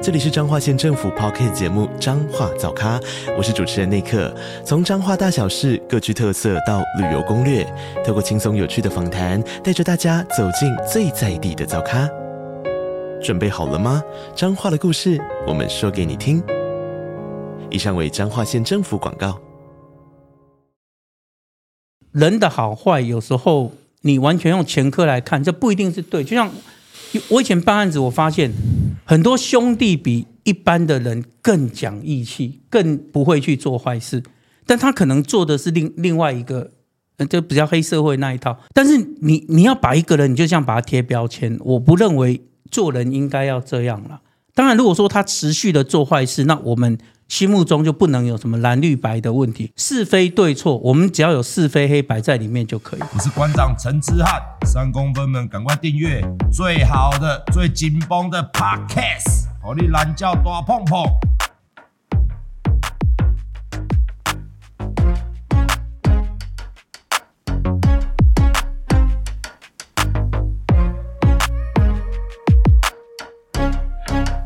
這裡是彰化縣政府 Podcast 節目《彰化早咖》，我是主持人內克。從彰化大小事各具特色到旅遊攻略，透過輕鬆有趣的訪談，帶着大家走進最在地的早咖。準備好了嗎？彰化的故事，我們說給你聽。以上為彰化縣政府廣告。人的好壞，有時候你完全用前科來看，這不一定是對，就像。我以前辦案子，我發現很多兄弟比一般的人更講義氣，更不會去做壞事。但他可能做的是另另外一個，就比較黑社會那一套。但是你你要把一個人，你就像把他貼標籤，我不認為做人應該要這樣了。當然，如果說他持續的做壞事，那我們。心目中就不能有什麼藍綠白的問題，是非對錯，我們只要有是非黑白在裡面就可以。我是館長陳之漢，三公分們趕快訂閱最好的、最緊繃的 Podcast，我哩懶叫大碰碰。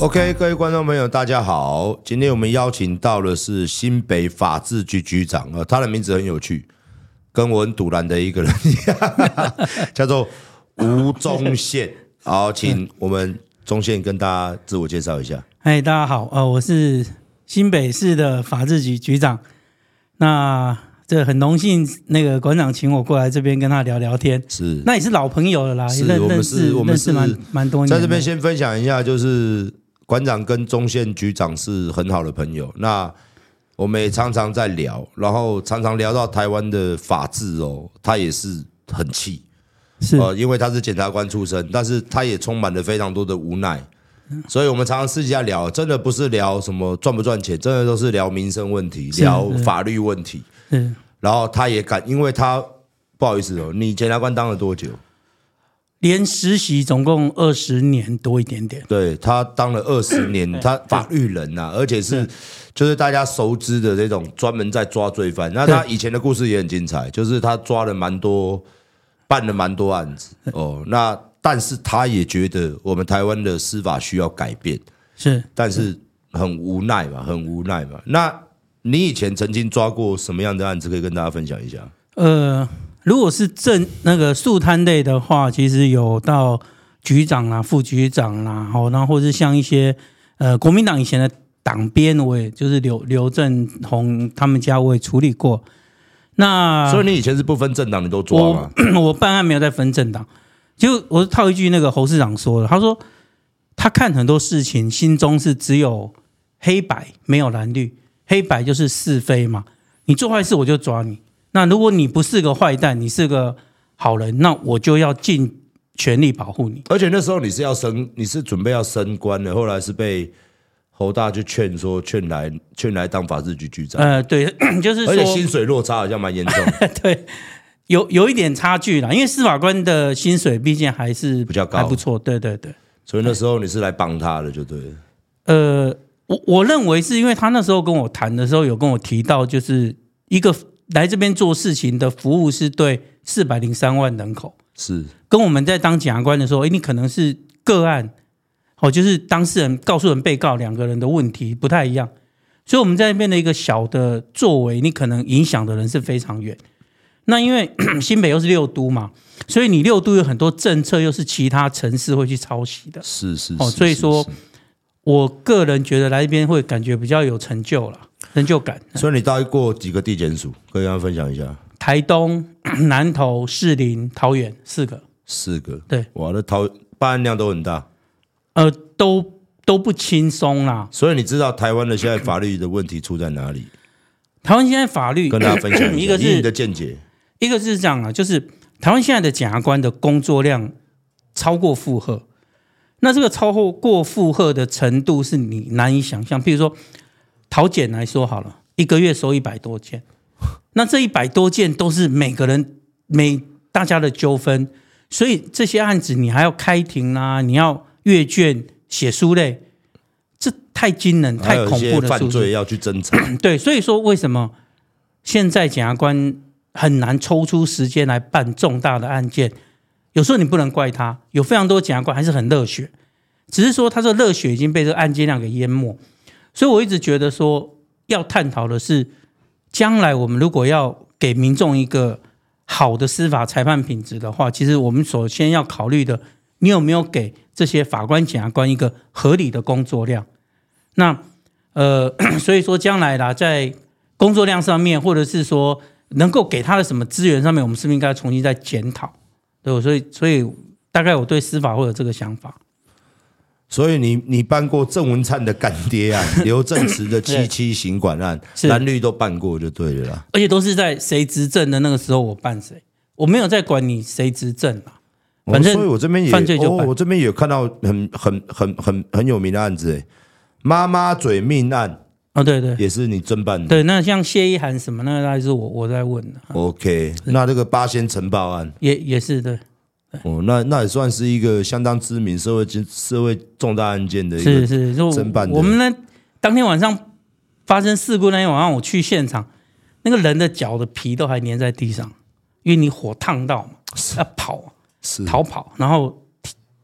OK，各位觀眾朋友，大家好。今天我們邀請到的是新北法制局局長，呃，他的名字很有趣，跟我很賭爛的一個人， 叫做吳宗憲。好，請我們宗憲跟大家自我介紹一下。嗨，大家好，呃，我是新北市的法制局局長。那這很榮幸，那個館長請我過來這邊跟他聊聊天。是，那也是老朋友了啦，是也認我們是認識，我們是認識蠻蠻多年。在這邊先分享一下，就是。館長跟宗憲局長是很好的朋友，那我們也常常在聊，然後常常聊到台灣的法治哦，他也是很氣，是、呃，因為他是檢察官出身，但是他也充滿了非常多的無奈，所以我們常常私底下聊，真的不是聊什麼賺不賺錢，真的都是聊民生問題、聊法律問題。嗯，對，然後他也敢，因為他不好意思哦，你檢察官當了多久？連實習總共二十年多一點點對對，他當了二十年，他法律人吶、啊，而且是就是大家熟知的這種專門在抓罪犯。那他以前的故事也很精彩，就是他抓了蠻多，辦了蠻多案子哦。那但是他也覺得我們台灣的司法需要改變，是，但是很無奈嘛，很無奈嘛。那你以前曾經抓過什麼樣的案子，可以跟大家分享一下？呃。如果是政那個肅貪類的話，其實有到局長啊，副局長啦，好，然後或者是像一些呃國民黨以前的黨鞭也就是劉劉正宏他們家，我也處理過。那所以你以前是不分政黨，你都抓嗎？我,我辦案沒有在分政黨，就我套一句那個侯市長說的，他說他看很多事情，心中是只有黑白，沒有藍綠。黑白就是是非嘛，你做壞事我就抓你。那如果你不是個壞蛋，你是個好人，那我就要盡全力保護你。而且那時候你是要升，你是準備要升官的，後來是被侯大就勸說，勸來勸來當法制局局長。呃，對，就是說，而且薪水落差好像蠻嚴重。 對，有有一點差距啦，因為司法官的薪水畢竟還是比較高，啊，還不錯。對對對。所以那時候你是來幫他的，就對了。呃，我我認為是因為他那時候跟我談的時候，有跟我提到就是一個。來這邊做事情的服務是對四百零三萬人口，是跟我們在當檢察官的時候，哎，你可能是個案，哦，就是當事人告訴人被告兩個人的問題不太一樣，所以我們在那邊的一個小的作為，你可能影響的人是非常遠。那因為新北又是六都嘛，所以你六都有很多政策又是其他城市會去抄襲的，是是哦，所以說，我個人覺得來這邊會感覺比較有成就了。成就感。嗯、所以你大概過幾個地檢署，可以跟大家分享一下。台東、南投、士林、桃園，四個。四個。對。哇，那桃辦案量都很大。呃，都都不輕鬆啦。所以你知道台灣的現在法律的問題出在哪裡？台灣現在法律跟大家分享一，咳咳一個是你的見解，一個是這樣啊，就是台灣現在的檢察官的工作量超過負荷。那這個超過負荷的程度是你難以想象。譬如說。桃檢來說好了，一個月收一百多件，那這一百多件都是每個人每大家的糾紛，所以這些案子，你還要開庭啦、啊，你要閱卷、寫書類，這太驚人、太恐怖的數字，還有犯罪要去偵查。對，所以說為什麼現在檢察官很難抽出時間來辦重大的案件？有時候你不能怪他，有非常多檢察官還是很熱血，只是說他的熱血已經被這個案件量給淹沒。所以，我一直覺得說，要探討的是，將來我們如果要給民眾一個好的司法裁判品質的話，其實我們首先要考慮的，你有沒有給這些法官、檢察官一個合理的工作量？那，呃，所以說將來啦，在工作量上面，或者是說能夠給他的什麼資源上面，我們是不是應該重新再檢討？對，所以，所以大概我對司法會有這個想法。所以你你辦過鄭文燦的乾爹案、啊、劉 政池的七七行館案，是藍綠都辦過就對了啦。而且都是在誰執政的那個時候，我辦誰，我沒有在管你誰執政啊。反正犯罪就、哦、所以，我這邊也、哦、辦我這邊也看到很很很很很有名的案子，媽媽嘴命案啊，哦、對對，也是你偵辦的。對，那像謝依涵什麼那個案是我我在問的。OK，是那這個八仙塵爆案也也是對。對。哦，那那也算是一個相當知名社會、社會重大案件的一個偵辦，是是是我。我們呢，當天晚上發生事故那天晚上，我去現場，那個人的腳的皮都還粘在地上，因為你火燙到嘛，要跑，逃跑，然後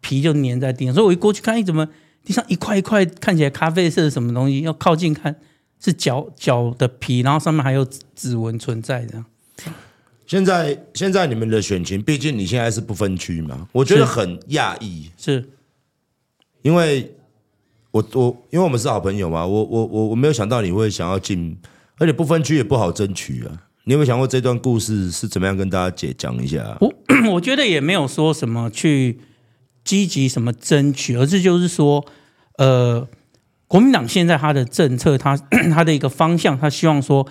皮就粘在地上。所以我一過去看，哎，怎麼地上一塊一塊看起來咖啡色的什麼東西？要靠近看，是腳腳的皮，然後上面還有指紋存在的。這樣現在，現在你們的選情，畢竟你現在是不分區嘛，我覺得很訝異，是因為我我因為我們是好朋友嘛，我我我我沒有想到你會想要進，而且不分區也不好爭取啊。你有沒有想過這段故事是怎麼樣跟大家解講一下啊？我我覺得也沒有說什麼去積極什麼爭取，而是就是說，呃，國民黨現在他的政策它，他他的一個方向，他希望說。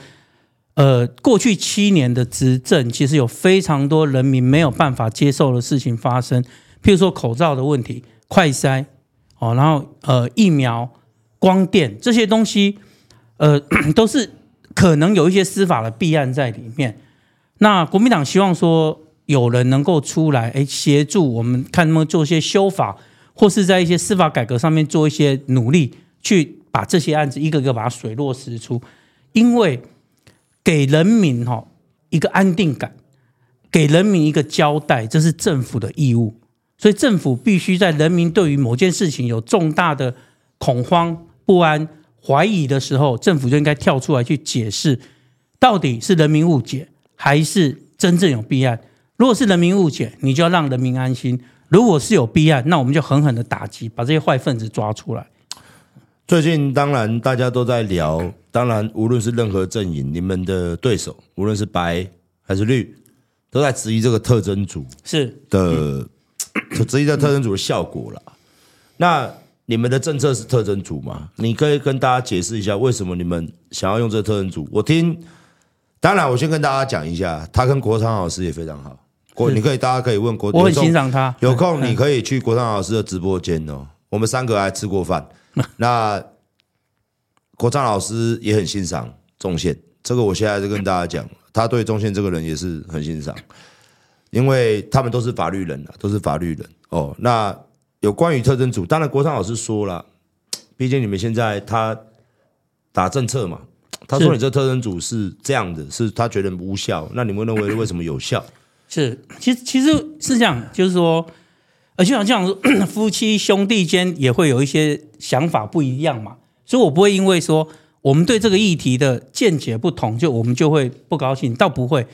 呃，過去七年的執政，其實有非常多人民沒有辦法接受的事情發生，譬如說口罩的問題、快篩，哦，然後呃疫苗、光電這些東西，呃，都是可能有一些司法的弊案在裡面。那國民黨希望說有人能夠出來，哎，協助我們看能不能做一些修法，或是在一些司法改革上面做一些努力，去把這些案子一個個把它水落石出，因為。給人民哈一個安定感，給人民一個交代，這是政府的義務。所以政府必須在人民對於某件事情有重大的恐慌、不安、懷疑的時候，政府就應該跳出來去解釋，到底是人民誤解，還是真正有弊案。如果是人民誤解，你就要讓人民安心；如果是有弊案，那我們就狠狠的打擊，把這些壞分子抓出來。最近當然大家都在聊，當然無論是任何陣營，你們的對手，無論是白還是綠，都在質疑這個特偵組。是的，質、嗯、疑這個特偵組的效果啦。嗯、那你們的政策是特偵組嗎？你可以跟大家解釋一下為什麼你們想要用這個特偵組。我聽，當然我先跟大家講一下，他跟國昌老師也非常好。國是，你可以大家可以問國，我很欣賞他。有空你可以去國昌老師的直播間哦、喔。嗯、我們三個還吃過飯。 那國昌老師也很欣賞宗憲，這個我現在就跟大家講，他對宗憲這個人也是很欣賞，因為他們都是法律人啊，都是法律人哦。那有關於特偵組，當然國昌老師說了，畢竟你們現在他打政策嘛，他說你這特偵組是這樣的，是，是他覺得無效，那你們認為為什麼有效？是，其實其實是這樣，就是說。而且像夫妻兄弟間也會有一些想法不一樣嘛，所以我不會因為說我們對這個議題的見解不同，就我們就會不高興，倒不會。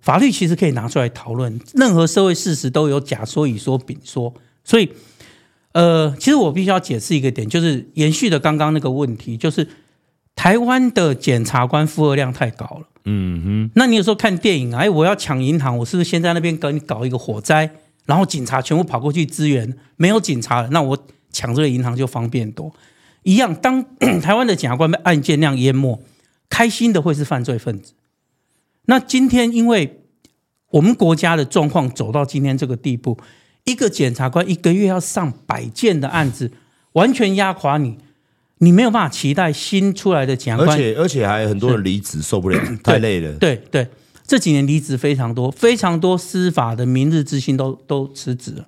法律其實可以拿出來討論，任何社會事實都有甲說乙說丙說，所以，呃，其實我必須要解釋一個點，就是延續的剛剛那個問題，就是台灣的檢察官負荷量太高了。嗯哼，那你有時候看電影啊，哎，我要搶銀行，我是不是先在那邊給你搞一個火災？然後警察全部跑過去支援，沒有警察了，那我搶這個銀行就方便多。一樣，當台灣的檢察官被案件量淹沒，開心的會是犯罪分子。那今天，因為我們國家的狀況走到今天這個地步，一個檢察官一個月要上百件的案子，完全壓垮你，你沒有辦法期待新出來的檢察官，而且而且還有還很多人離職，受不了，太累了。對對。對對這幾年離職非常多，非常多司法的明日之星都都辭職了。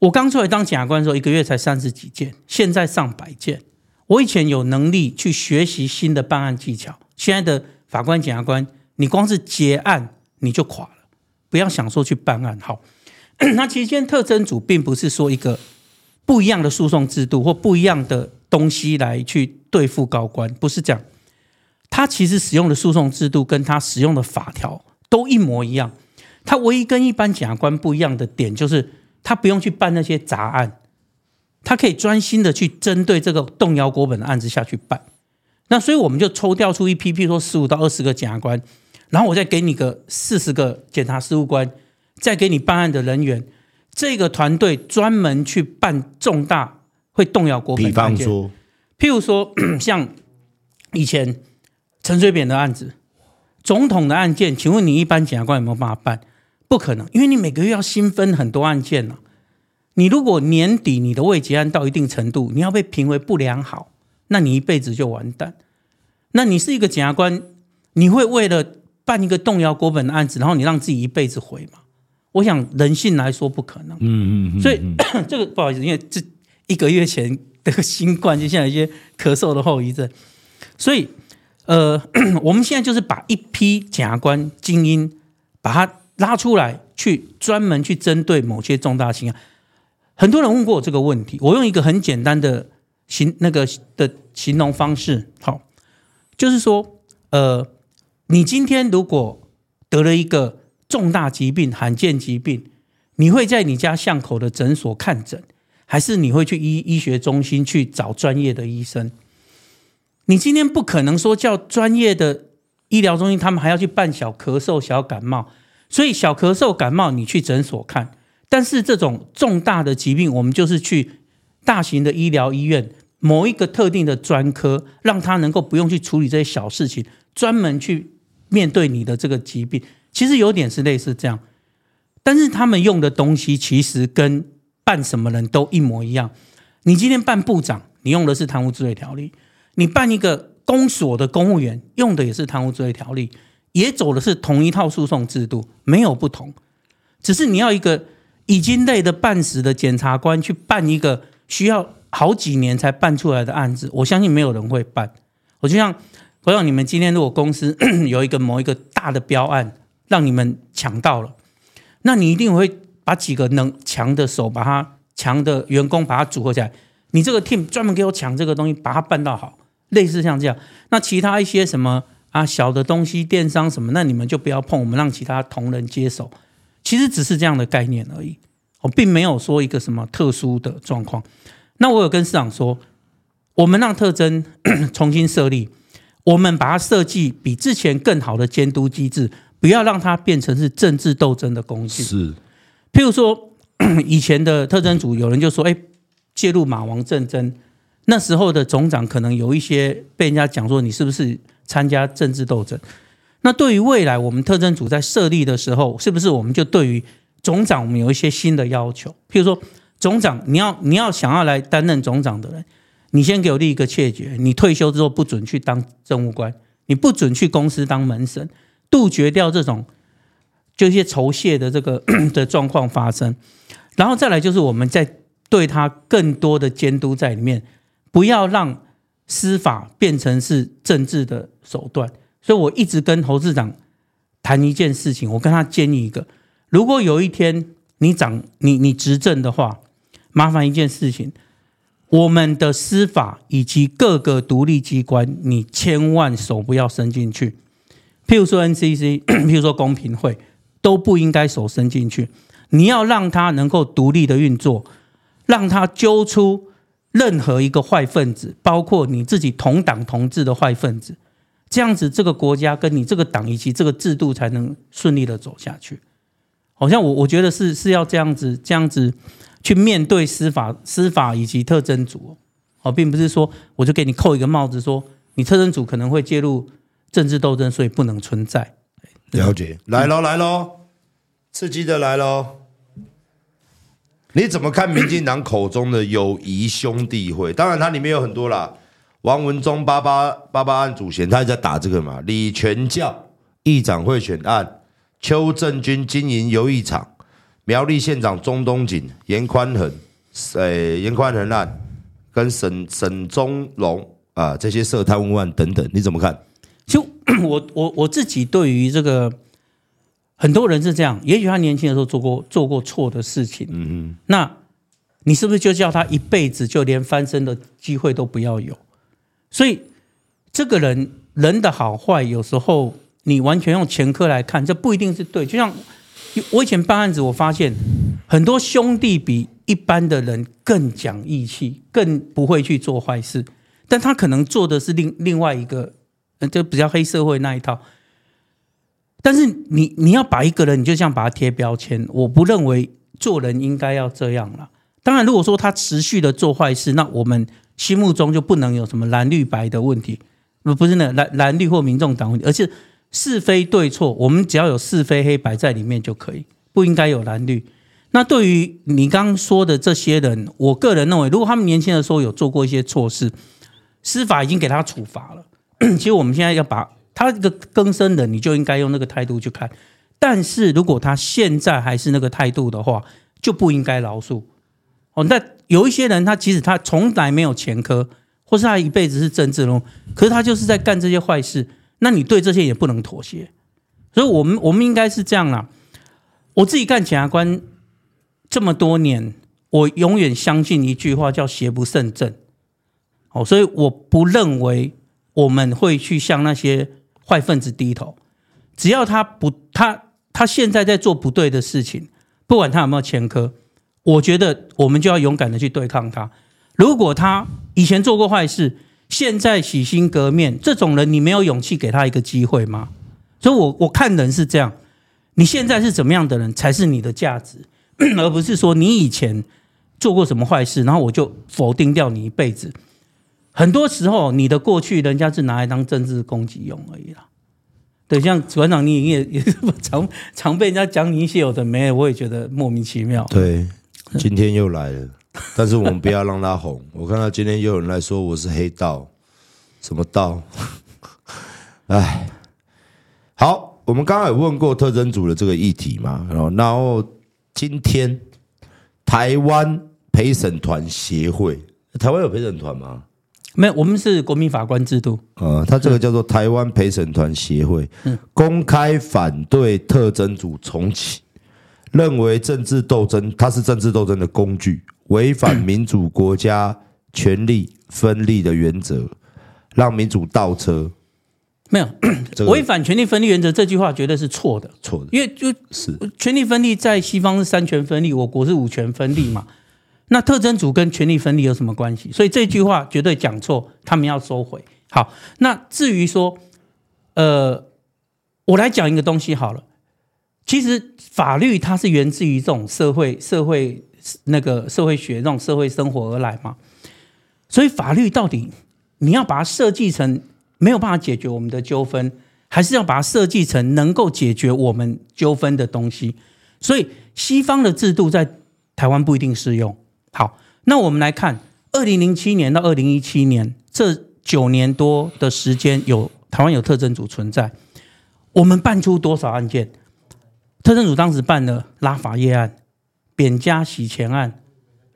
我剛出來當檢察官的時候，一個月才三十幾件，現在上百件。我以前有能力去學習新的辦案技巧，現在的法官、檢察官，你光是結案你就垮了。不要想說去辦案好，那其實今天特偵組並不是說一個不一樣的訴訟制度或不一樣的東西來去對付高官，不是這樣他其實使用的訴訟制度跟他使用的法條都一模一樣，他唯一跟一般檢察官不一樣的點就是，他不用去辦那些雜案，他可以專心的去針對這個動搖國本的案子下去辦。那所以我們就抽調出一批，比如說十五到二十個檢察官，然後我再給你個四十個檢察事務官，再給你辦案的人員，這個團隊專門去辦重大會動搖國本的案子，比方說，譬如說像以前。陳水扁的案子，總統的案件，請問你一般檢察官有沒有辦法辦？不可能，因為你每個月要新分很多案件呢、啊。你如果年底你的未結案到一定程度，你要被評為不良好，那你一輩子就完蛋。那你是一個檢察官，你會為了辦一個動搖國本的案子，然後你讓自己一輩子毀嗎？我想人性來說不可能。嗯嗯。嗯嗯，所以這個不好意思，因為這一個月前的新冠，就像一些咳嗽的後遺症，所以。呃，我們現在就是把一批檢察官精英，把他拉出來去，去專門去針對某些重大刑案。很多人問過我這個問題，我用一個很簡單的形那個的形容方式，好、哦，就是說，呃，你今天如果得了一個重大疾病、罕見疾病，你會在你家巷口的診所看診，還是你會去醫醫學中心去找專業的醫生？你今天不可能說叫專業的醫療中心，他們還要去辦小咳嗽、小感冒，所以小咳嗽、感冒你去診所看。但是這種重大的疾病，我們就是去大型的醫療醫院某一個特定的專科，讓他能夠不用去處理這些小事情，專門去面對你的這個疾病。其實有點是類似這樣，但是他們用的東西其實跟辦什麼人都一模一樣。你今天辦部長，你用的是貪污治罪條例。你辦一個公所的公務員用的也是貪污治罪條例，也走的是同一套訴訟制度，沒有不同。只是你要一個已經累得半死的檢察官去辦一個需要好幾年才辦出來的案子，我相信沒有人會辦。我就像，朋友，你們今天如果公司有一個某一個大的標案讓你們搶到了，那你一定會把幾個能強的手、把他強的員工把他組合起來，你這個 team 專門給我搶這個東西，把它辦到好。類似像這樣，那其他一些什麼啊小的東西、電商什麼，那你們就不要碰，我們讓其他同仁接手。其實只是這樣的概念而已，我並沒有說一個什麼特殊的狀況。那我有跟市長說，我們讓特偵 重新設立，我們把它設計比之前更好的監督機制，不要讓它變成是政治鬥爭的工具。是，譬如說以前的特偵組有人就說，誒、哎、介入馬王政爭。那時候的總長可能有一些被人家講說，你是不是參加政治鬥爭？那對於未來我們特偵組在設立的時候，是不是我們就對於總長我們有一些新的要求？譬如說，總長你要你要想要來擔任總長的人，你先給我立一個切結，你退休之後不准去當政務官，你不准去公司當門神，杜絕掉這種就一些酬謝的這個的狀況發生。然後再來就是我們在對他更多的監督在裡面。不要讓司法變成是政治的手段，所以我一直跟侯市長談一件事情。我跟他建議一個：如果有一天你長你你執政的話，麻煩一件事情，我們的司法以及各個獨立機關，你千萬手不要伸進去。譬如說 NCC，譬如說公平會，都不應該手伸進去。你要讓他能夠獨立的運作，讓他揪出。任何一個壞分子，包括你自己同黨同志的壞分子，這樣子這個國家跟你這個黨以及這個制度才能順利的走下去。好像我我覺得是是要這樣子這樣子去面對司法司法以及特偵組哦，並不是說我就給你扣一個帽子說你特偵組可能會介入政治鬥爭，所以不能存在。了解，嗯、來嘍來嘍，刺激的來嘍。你怎麼看民進黨口中的“友誼兄弟會”？當然，它裡面有很多啦，王文宗“八八八八案”主嫌，他也在打這個嘛。李全教議長賄選案，邱正軍經營遊藝場，苗栗縣長鍾東錦、顏寬恆，誒，顏寬恆案跟沈沈中龍啊這些涉貪污案等等，你怎麼看？就我我我自己對於這個。很多人是這樣，也許他年輕的時候做過做過錯的事情，嗯嗯那，那你是不是就叫他一輩子就連翻身的機會都不要有？所以，這個人人的好壞，有時候你完全用前科來看，這不一定是對。就像我以前辦案子，我發現很多兄弟比一般的人更講義氣，更不會去做壞事，但他可能做的是另另外一個，就比較黑社會那一套。但是你你要把一個人，你就這樣把他貼標籤，我不認為做人應該要這樣啦。當然，如果說他持續的做壞事，那我們心目中就不能有什麼藍綠白的問題，不不是那藍藍綠或民眾黨問題，而是是非對錯。我們只要有是非黑白在裡面就可以，不應該有藍綠。那對於你剛剛說的這些人，我個人認為，如果他們年輕的時候有做過一些錯事，司法已經給他處罰了。其實我們現在要把。他一個更生的，你就應該用那個態度去看。但是如果他現在還是那個態度的話，就不應該饒恕。哦，那有一些人，他其實他從來沒有前科，或是他一輩子是政治人物，可是他就是在幹這些壞事。那你對這些也不能妥協。所以，我們我們應該是這樣啦、啊：我自己幹檢察官這麼多年，我永遠相信一句話，叫“邪不勝正”。哦，所以我不認為我們會去向那些。壞分子低頭，只要他不，他他現在在做不對的事情，不管他有沒有前科，我覺得我們就要勇敢的去對抗他。如果他以前做過壞事，現在洗心革面，這種人你沒有勇氣給他一個機會嗎？所以我，我我看人是這樣，你現在是怎麼樣的人才是你的價值，而不是說你以前做過什麼壞事，然後我就否定掉你一輩子。.很多時候，你的過去人家是拿來當政治攻擊用而已啦。對，像館長，你也也常常被人家講你一些有的沒的，我也覺得莫名其妙。對，今天又來了， 但是我們不要讓他紅。我看到今天又有人來說我是黑道，什麼道？唉，好，我們剛剛有問過特徵組的這個議題嘛。然後今天台灣陪審團協會，台灣有陪審團嗎？沒有，我們是國民法官制度。呃，他這個叫做台灣陪審團協會，公開反對特偵組重啟，認為政治鬥爭，它是政治鬥爭的工具，違反民主國家權力分立的原則，讓民主倒車。沒有，這個、違反權力分立原則這句話絕對是錯的，錯的，因為就是權力分立在西方是三權分立，我國是五權分立嘛。那特偵組跟權力分立有什麼關係？所以這句話絕對講錯，他們要收回。好，那至於說，呃，我來講一個東西好了。其實法律它是源自於這種社會、社會那個社會學、這種社會生活而來嘛。所以法律到底你要把它設計成沒有辦法解決我們的糾紛，還是要把它設計成能夠解決我們糾紛的東西？所以西方的制度在台灣不一定適用。好，那我們來看，二零零七年到二零一七年這九年多的時間有，有台灣有特偵組存在，我們辦出多少案件？特偵組當時辦了拉法葉案、扁家洗錢案、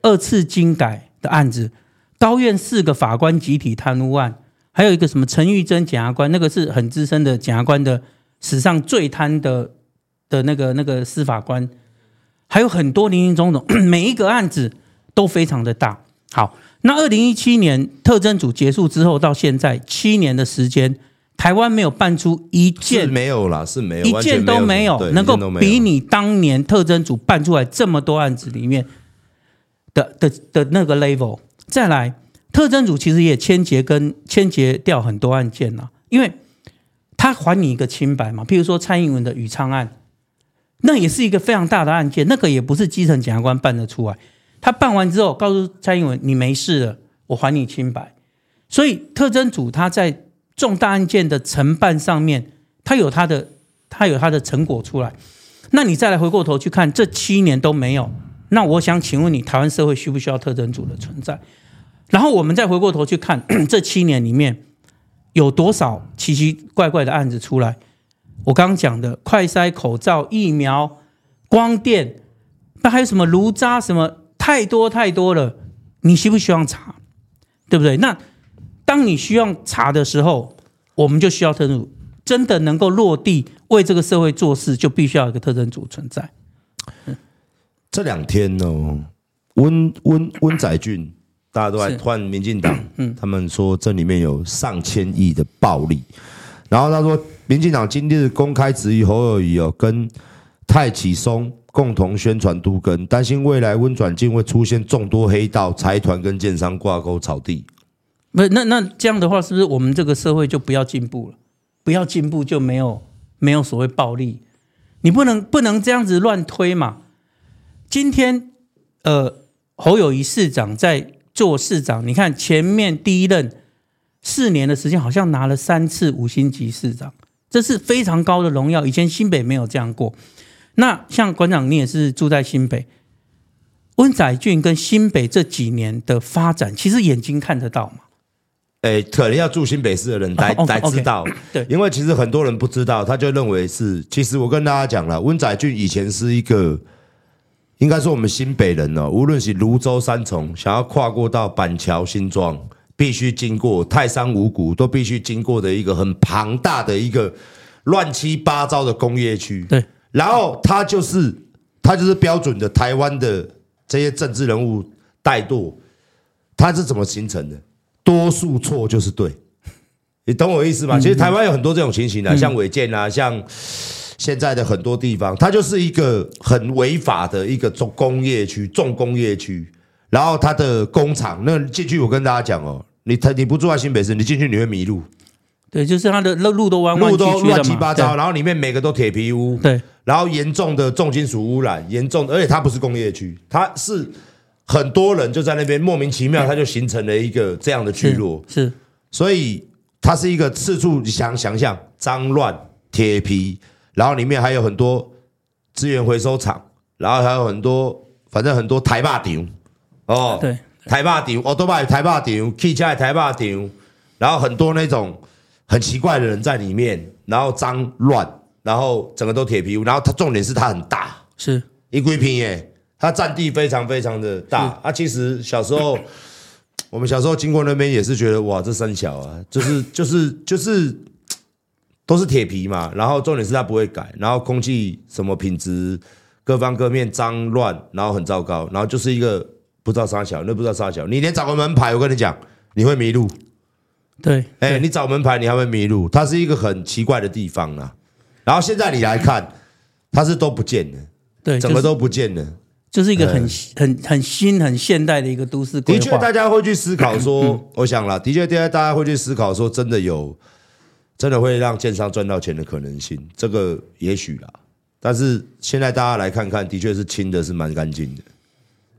二次金改的案子、高院四個法官集體貪污案，還有一個什麼陳玉珍檢察官，那個是很資深的檢察官的史上最貪的的那個那個司法官，還有很多林林總總，每一個案子。都非常的大。好，那二零一七年特偵組結束之後到現在七年的時間，台灣沒有辦出一件沒有啦，是沒有一件都沒有，沒有能夠比你當年特偵組辦出來這麼多案子裡面的、嗯、的的，的那個 level。再來，特偵組其實也簽結跟簽結掉很多案件吶，因為他還你一個清白嘛。譬如說蔡英文的宇昌案，那也是一個非常大的案件，那個也不是基層檢察官辦得出來。他辦完之後，告訴蔡英文你沒事了，我還你清白。所以特偵組他在重大案件的承辦上面，他有他的，他有他的成果出來。那你再來回過頭去看，這七年都沒有。那我想請問你，台灣社會需不需要特偵組的存在？然後我們再回過頭去看，這七年裡面有多少奇奇怪怪的案子出來？我剛講的快篩、口罩、疫苗、光電，那還有什麼爐渣什麼？太多太多了，你需不需要查？對不對？那當你需要查的時候，我們就需要特偵組，真的能夠落地為這個社會做事，就必須要有一個特偵組存在。這兩天呢，溫溫溫載俊，大家都在換民進黨，嗯，他們說這裡面有上千億的暴利。然後他說民進黨今天是公開質疑侯友宜哦，跟太啟松。共同宣傳都更擔心未來溫轉進會出現眾多黑道財團跟建商掛鈎草地，那那那這樣的話是不是我們這個社會就不要進步了？不要進步就沒有沒有所謂暴利，你不能不能這樣子亂推嘛？今天呃侯友宜市長在做市長，你看前面第一任四年的時間好像拿了三次五星級市長，這是非常高的榮耀，以前新北沒有這樣過。那像館長，你也是住在新北，溫仔圳跟新北這幾年的發展，其實眼睛看得到嗎？哎，可能要住新北市的人才才、oh, okay, 知道。Okay, 對，因為其實很多人不知道，他就認為是。其實我跟大家講了，溫仔圳以前是一個，應該說我們新北人哦，無論是蘆洲、三重，想要跨過到板橋、新莊，必須經過泰山五股，都必須經過的一個很龐大的一個亂七八糟的工業區。對。然後他就是他就是標準的台灣的這些政治人物怠惰，他是怎麼形成的？多數錯就是對，你懂我意思嗎？其實台灣有很多這種情形啦，像違建啊，像現在的很多地方，它就是一個很違法的一個重工業區、重工業區。然後它的工廠，那進去我跟大家講哦，你他你不住在新北市，你進去你會迷路。對，就是它的路路都彎彎曲曲，路都亂七八糟，對然後裡面每個都鐵皮屋，對，然後嚴重的重金屬污染，嚴重的，而且它不是工業區，它是很多人就在那邊莫名其妙，它就形成了一個這樣的聚落，是，所以它是一個四處想想象髒亂鐵皮，然後裡面還有很多資源回收廠，然後還有很多反正很多台壩頂哦，對，台壩頂哦，都把台壩頂，客家台壩頂，然後很多那種。很奇怪的人在裡面，然後髒亂，然後整個都鐵皮屋，然後它重點是它很大，是一規坪耶，它佔地非常非常的大。是啊，其實小時候 我們小時候經過那邊也是覺得哇，這三小啊，就是就是就是都是鐵皮嘛，然後重點是它不會改，然後空氣什麼品質，各方各面髒亂，然後很糟糕，然後就是一個不知道沙橋，那不知道沙橋，你連找個門牌，我跟你講，你會迷路。對，哎、欸，你找門牌，你還會迷路。它是一個很奇怪的地方啦。然後現在你來看，它是都不見的，對，怎麼、就是都不見的，就是一個很、嗯、很、很新、很現代的一個都市規劃。的確，大家會去思考說，嗯嗯、我想了，的確，大家大家會去思考說，真的有，真的會讓建商賺到錢的可能性，這個也許啦。但是現在大家來看看，的確是清的，是蠻乾淨的。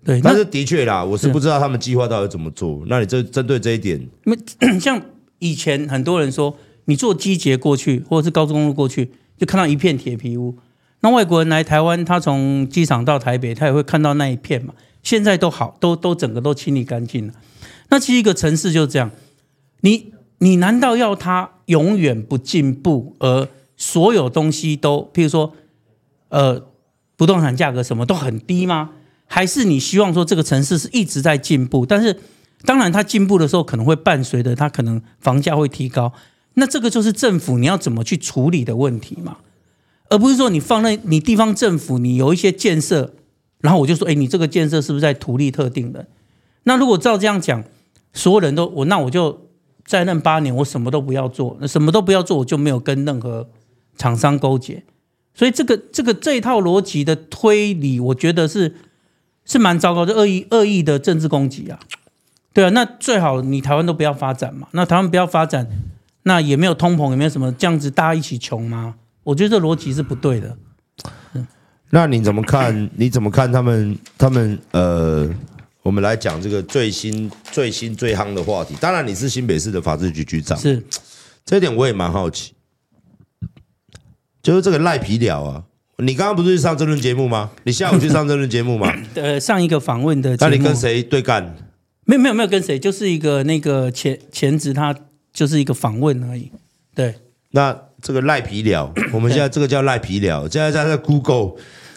對，那但是的確啦，我是不知道他們計劃到底怎麼做。是那你就針對這一點，像以前很多人說，你坐機捷過去，或者是高速公路過去，就看到一片鐵皮屋。那外國人來台灣，他從機場到台北，他也會看到那一片嘛。現在都好，都都整個都清理乾淨了。那其實一個城市就是這樣，你你難道要它永遠不進步，而所有東西都，譬如說，呃，不動產價格什麼都很低嗎？還是你希望說這個城市是一直在進步，但是當然它進步的時候可能會伴隨着它可能房價會提高，那這個就是政府你要怎麼去處理的問題嘛，而不是說你放任你地方政府你有一些建設，然後我就說哎你這個建設是不是在圖利特定的？那如果照這樣講，所有人都我那我就在任八年我什麼都不要做，那什麼都不要做我就沒有跟任何廠商勾結，所以這個這個這一套邏輯的推理，我覺得是。是蠻糟糕的，的惡意惡意的政治攻擊啊，對啊，那最好你台灣都不要發展嘛，那台灣不要發展，那也沒有通膨，也沒有什麼這樣子大家一起窮嗎？我覺得這邏輯是不對的。那你怎麼看？嗯、你怎麼看他們？他們呃，我們來講這個最新最新最夯的話題。當然，你是新北市的法制局局長，是這一點我也蠻好奇，就是這個賴皮寮啊。你剛剛不是去上政論節目嗎？你下午去上政論節目嗎？呃，上一個訪問的節目。那你跟誰對幹？沒有沒有沒有跟誰，就是一個那個前前職，他就是一個訪問而已。對，那這個賴皮寮，我們現在這個叫賴皮寮，對現在在 Google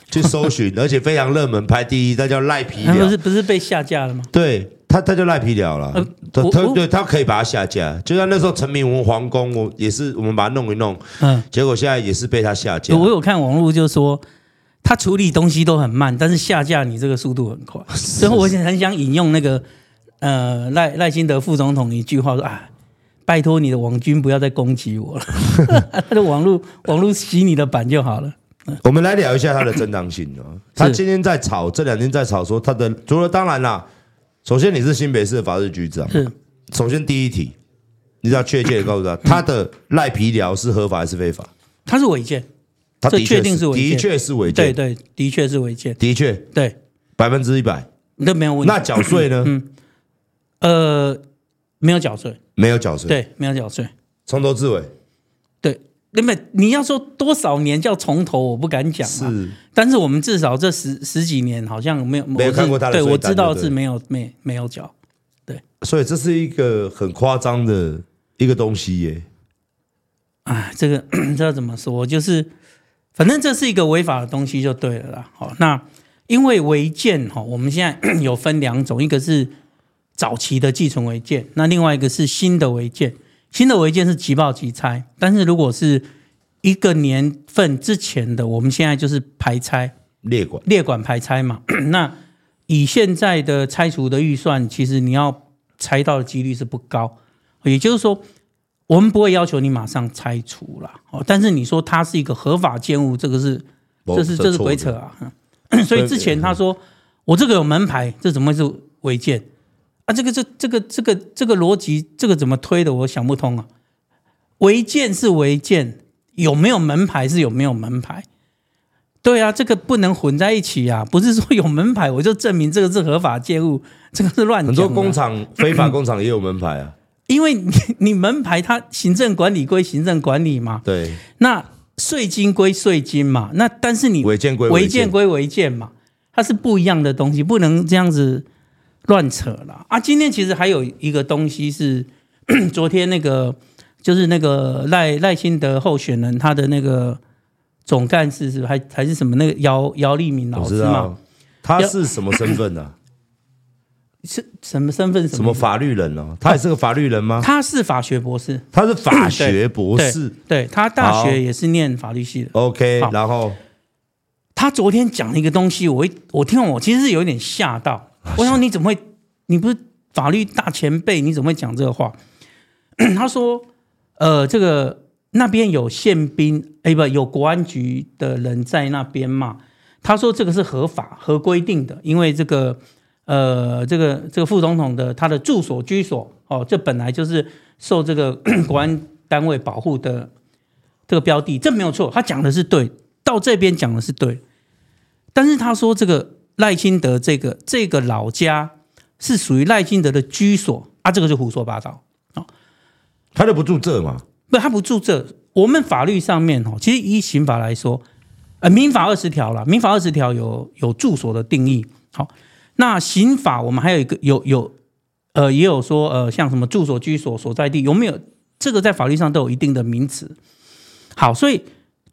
去搜尋，而且非常熱門，排第一，那叫賴皮寮， 不是不是被下架了嗎？對。他他就賴皮了了，呃、他我他對他可以把他下架，就像那時候陳明文皇宮，我也是我們把他弄一弄，嗯，結果現在也是被他下架。我有看網絡，就是說他處理東西都很慢，但是下架你這個速度很快。是是是，所以我很很想引用那個呃賴賴清德副總統一句話說啊，拜託你的網軍不要再攻擊我了，他的 網絡網絡洗你的版就好了。 嗯、我們來聊一下他的正當性哦，他今天在炒，是這兩天在炒，說他的除了當然啦。首先，你是新北市的法制局長。是。首先，第一題，你知道確切的告訴他，他的賴皮寮是合法還是非法？他是違建。的確定是違建，的確是違建。對對，的確是違建。的確。對。百分之一百。那沒有問題。那繳稅呢？嗯。呃，沒有繳稅。沒有繳稅。對，沒有繳稅。從頭至尾。對。根本，你要說多少年叫從頭，我不敢講、啊。是，但是我們至少這十十幾年好像沒有沒有看過他的。對，對我知道是沒有對沒沒有繳。對，所以這是一個很誇張的一個東西耶、欸。哎，這個這要怎麼說？就是反正這是一個違法的東西就對了啦。好，那因為違建哈，我們現在有分兩種，一個是早期的寄存違建，那另外一個是新的違建。新的違建是即報即拆，但是如果是一個年份之前的，我們現在就是排拆，列管，列管排拆嘛。那以現在的拆除的預算，其實你要拆到的幾率是不高。也就是說，我們不會要求你馬上拆除了。哦，但是你說它是一個合法建物，這個是不這是這，這是鬼扯啊！所以之前他說我這個有門牌，這怎麼會是違建？那、啊、這個這這個這個這個邏輯，這個怎麼推的？我想不通啊！違建是違建，有沒有門牌是有沒有門牌？對啊，這個不能混在一起啊！不是說有門牌我就證明這個是合法建物，這個是亂。很多工廠非法工廠也有門牌啊！因為你你門牌，它行政管理歸行政管理嘛，對，那稅金歸稅金嘛，那但是你違建歸違建歸違建嘛，它是不一樣的東西，不能這樣子。亂扯了啊！今天其實還有一個東西是，昨天那個就是那個賴賴清德候選人，他的那個總幹事是還還是什麼那個姚姚立明老師嗎？他是什麼身份啊？是什,什,什麼身份？什麼法律人哦？啊？他也是個法律人嗎？他是法學博士。他是法學博士。他博士對，對他大學也是念法律系的。OK，然後他昨天講了一個東西，我我聽我其實是有點嚇到。我想說你怎麼會？你不是法律大前輩，你怎麼會講這個話？他說：“呃，這個那邊有憲兵，哎、欸，不，有國安局的人在那邊嘛。他說這個是合法、合規定的，因為這個，呃，這個這個副總統的他的住所居所，哦，這本來就是受這個國安單位保護的這個標的，這沒有錯，他講的是對。到這邊講的是對，但是他說這個。”賴清德這個這個老家是屬於賴清德的居所啊，這個就胡說八道，哦。他都不住這嘛？不，他不住這。我們法律上面哦，其實依刑法來說，呃，民法二十條啦，民法二十條有有住所的定義。好，哦，那刑法我們還有一個有有呃也有說呃，像什麼住所、居所、所在地有沒有？這個在法律上都有一定的名詞。好，所以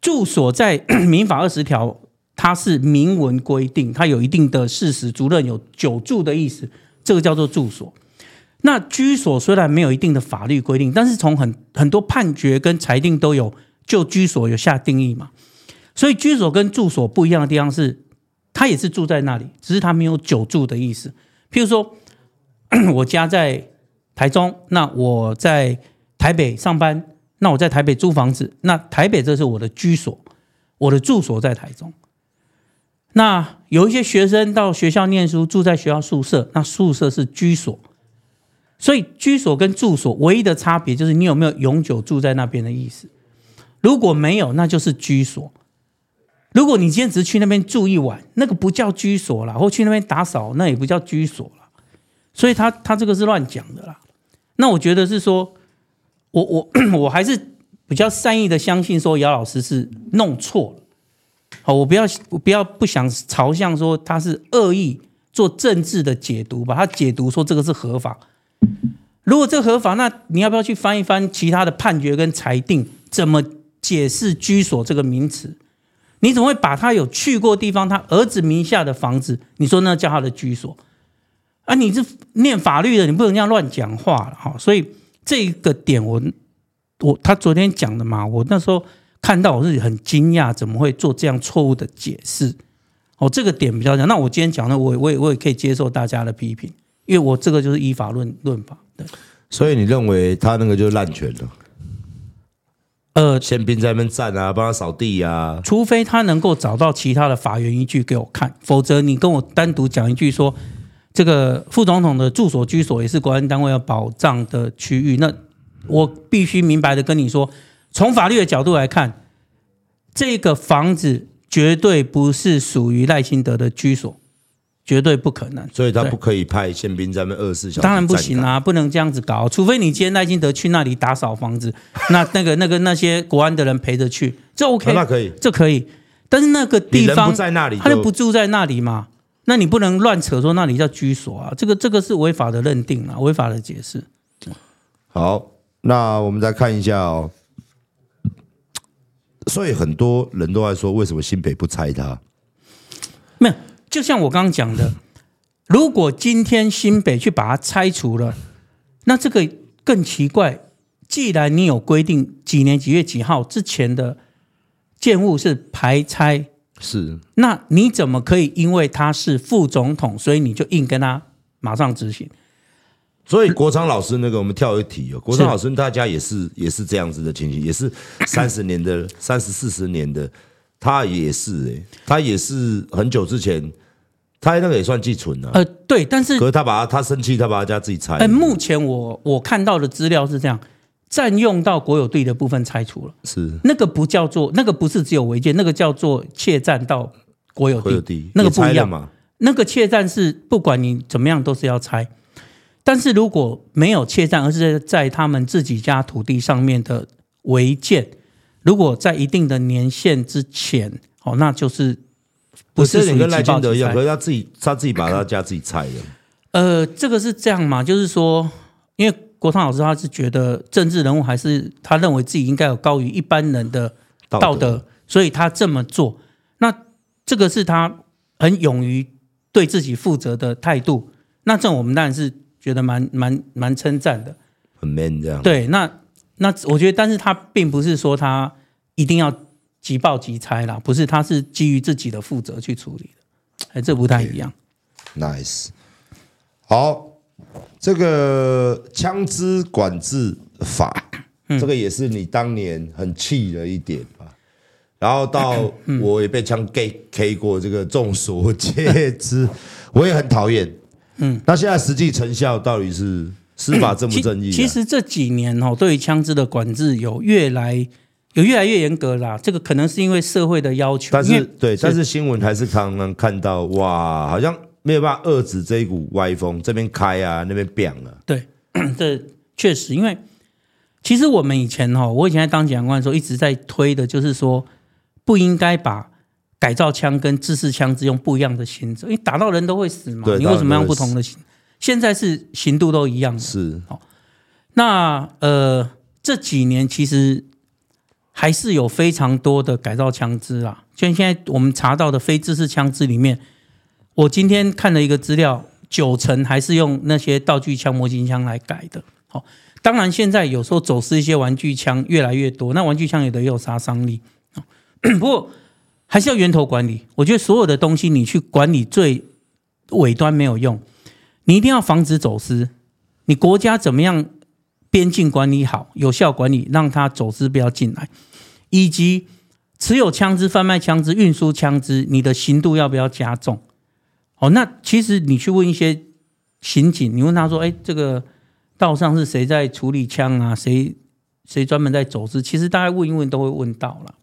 住所在 民法二十條。它是明文規定，它有一定的事實，足認有久住的意思，這個叫做住所。那居所雖然沒有一定的法律規定，但是從很很多判決跟裁定都有，就居所有下定義嘛。所以居所跟住所不一樣的地方是，他也是住在那裡，只是他沒有久住的意思。譬如說，我家在台中，那我在台北上班，那我在台北租房子，那台北這是我的居所，我的住所在台中。那有一些學生到學校念書，住在學校宿舍，那宿舍是居所，所以居所跟住所唯一的差別就是你有沒有永久住在那邊的意思。如果沒有，那就是居所。如果你今天只是去那邊住一晚，那個不叫居所了；或去那邊打掃，那也不叫居所了。所以他他這個是亂講的啦。那我覺得是說，我我我還是比較善意的相信說，姚老師是弄錯了。好，我不要，我不要，不想嘲笑說他是惡意做政治的解讀，把他解讀說這個是合法。如果這個合法，那你要不要去翻一翻其他的判決跟裁定，怎麼解釋“居所”這個名詞？你怎麼會把他有去過地方，他兒子名下的房子，你說那叫他的居所？啊，你是念法律的，你不能這樣亂講話了哈。所以這個點我，我我他昨天講的嘛，我那時候。看到我自己很驚訝，怎麼會做這樣錯誤的解釋？哦，這個點比較講。那我今天講的，我也我也我也可以接受大家的批評，因為我這個就是依法論論法。對，所以你認為他那個就是濫權了？呃，憲兵在那邊站啊，幫他掃地啊。除非他能夠找到其他的法源依據給我看，否則你跟我單獨講一句說，這個副總統的住所居所也是國安單位要保障的區域，那我必須明白的跟你說。從法律的角度來看，這個房子絕對不是屬於賴清德的居所，絕對不可能。所以他不可以派憲兵在那二十四小時。當然不行啊，他不能這樣子搞。除非你今天賴清德去那裡打掃房子， 那那個那個那些國安的人陪着去，就 OK，啊、那可以，這可以。但是那個地方，就他就不住在那裡嘛。那你不能亂扯說那裡叫居所啊，這個這個是違法的認定啊，違法的解釋。好，那我們再看一下哦。所以很多人都在說，為什麼新北不拆它？沒有，就像我剛剛講的，如果今天新北去把它拆除了，那這個更奇怪。既然你有規定幾年幾月幾號之前的建物是排拆，是，那你怎麼可以因為他是副總統，所以你就硬跟他馬上執行？所以國昌老師那個，我們跳一題哦、啊。國昌老師，大家也是也是這樣子的情形，也是三十年的三十四十年的，他也是哎、欸，他也是很久之前，他那個也算寄存啊。呃，對，但是可是他把他，他生氣，他把他家自己拆了。呃。目前我我看到的資料是這樣，占用到國有地的部分拆除了，是那個不叫做那個不是只有違建，那個叫做竊佔到國有地，有那個不一樣。嘛那個竊佔是不管你怎麼樣都是要拆。但是如果沒有侵占，而是在他們自己家土地上面的違建，如果在一定的年限之前，哦，那就是不是,集集是你跟賴清德一樣，可是他自己他自己把他家自己拆了。呃，這個是這樣嗎？就是說，因為國昌老師他是覺得政治人物還是他認為自己應該有高於一般人的道德，道德所以他這麼做。那這個是他很勇於對自己負責的態度。那這種我們當然是。覺得蠻蠻蠻稱讚的，很 man 這樣、啊。對，那那我覺得，但是他並不是說他一定要即報即拆啦，不是，他是基於自己的負責去處理的，哎、欸，這不太一樣。Okay. Nice，好，這個槍支管制法，嗯、這個也是你當年很氣的一點吧？然後到我也被槍擊過，這個眾所皆知，嗯、我也很討厭。嗯，那現在實際成效到底是司法正不正義、啊？其實這幾年哦、喔，對於槍支的管制有越來有越來越嚴格了啦。這個可能是因為社會的要求。但是為對，對但是新聞還是常常看到，嗯、哇，好像沒有辦法遏制這一股歪風，這邊開啊，那邊變了。對，這確實，因為其實我們以前哈、喔，我以前在當檢察官的時候，一直在推的就是說，不應該把。改造槍跟制式槍支用不一樣的刑，因為打到人都會死嘛，你為什麼用不同的刑？現在是刑度都一樣的。是哦是，那呃，這幾年其實還是有非常多的改造槍支啊，像現在我們查到的非制式槍支裡面，我今天看了一個資料，九成還是用那些道具槍、模型槍來改的。好，當然現在有時候走私一些玩具槍越來越多，那玩具槍也得也有殺傷力。不過。還是要源頭管理。我覺得所有的東西，你去管理最尾端沒有用，你一定要防止走私。你國家怎麼樣邊境管理好，有效管理，讓他走私不要進來，以及持有槍支、販賣槍支、運輸槍支，你的刑度要不要加重？哦，那其實你去問一些刑警，你問他說：“哎，這個道上是誰在處理槍啊？誰誰專門在走私？”其實大家問一問都會問到了。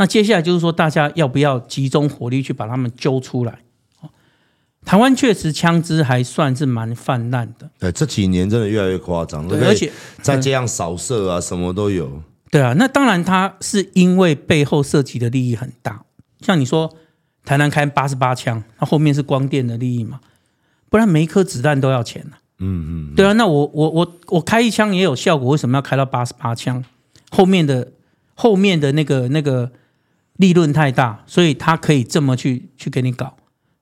那接下來就是說，大家要不要集中火力去把他們揪出來？台灣確實槍支還算是蠻泛濫的。對，這幾年真的越來越誇張。對，而且在這樣掃射啊，什麼都有。對啊，那當然，它，是因為背後涉及的利益很大。像你說，台南開八十八槍，那後面是光電的利益嘛？不然每一顆子彈都要錢呢。嗯嗯，對啊，那我我我我開一槍也有效果，為什麼要開到八十八槍？後面的後面的那個那個。利潤太大，所以他可以這麼去去給你搞，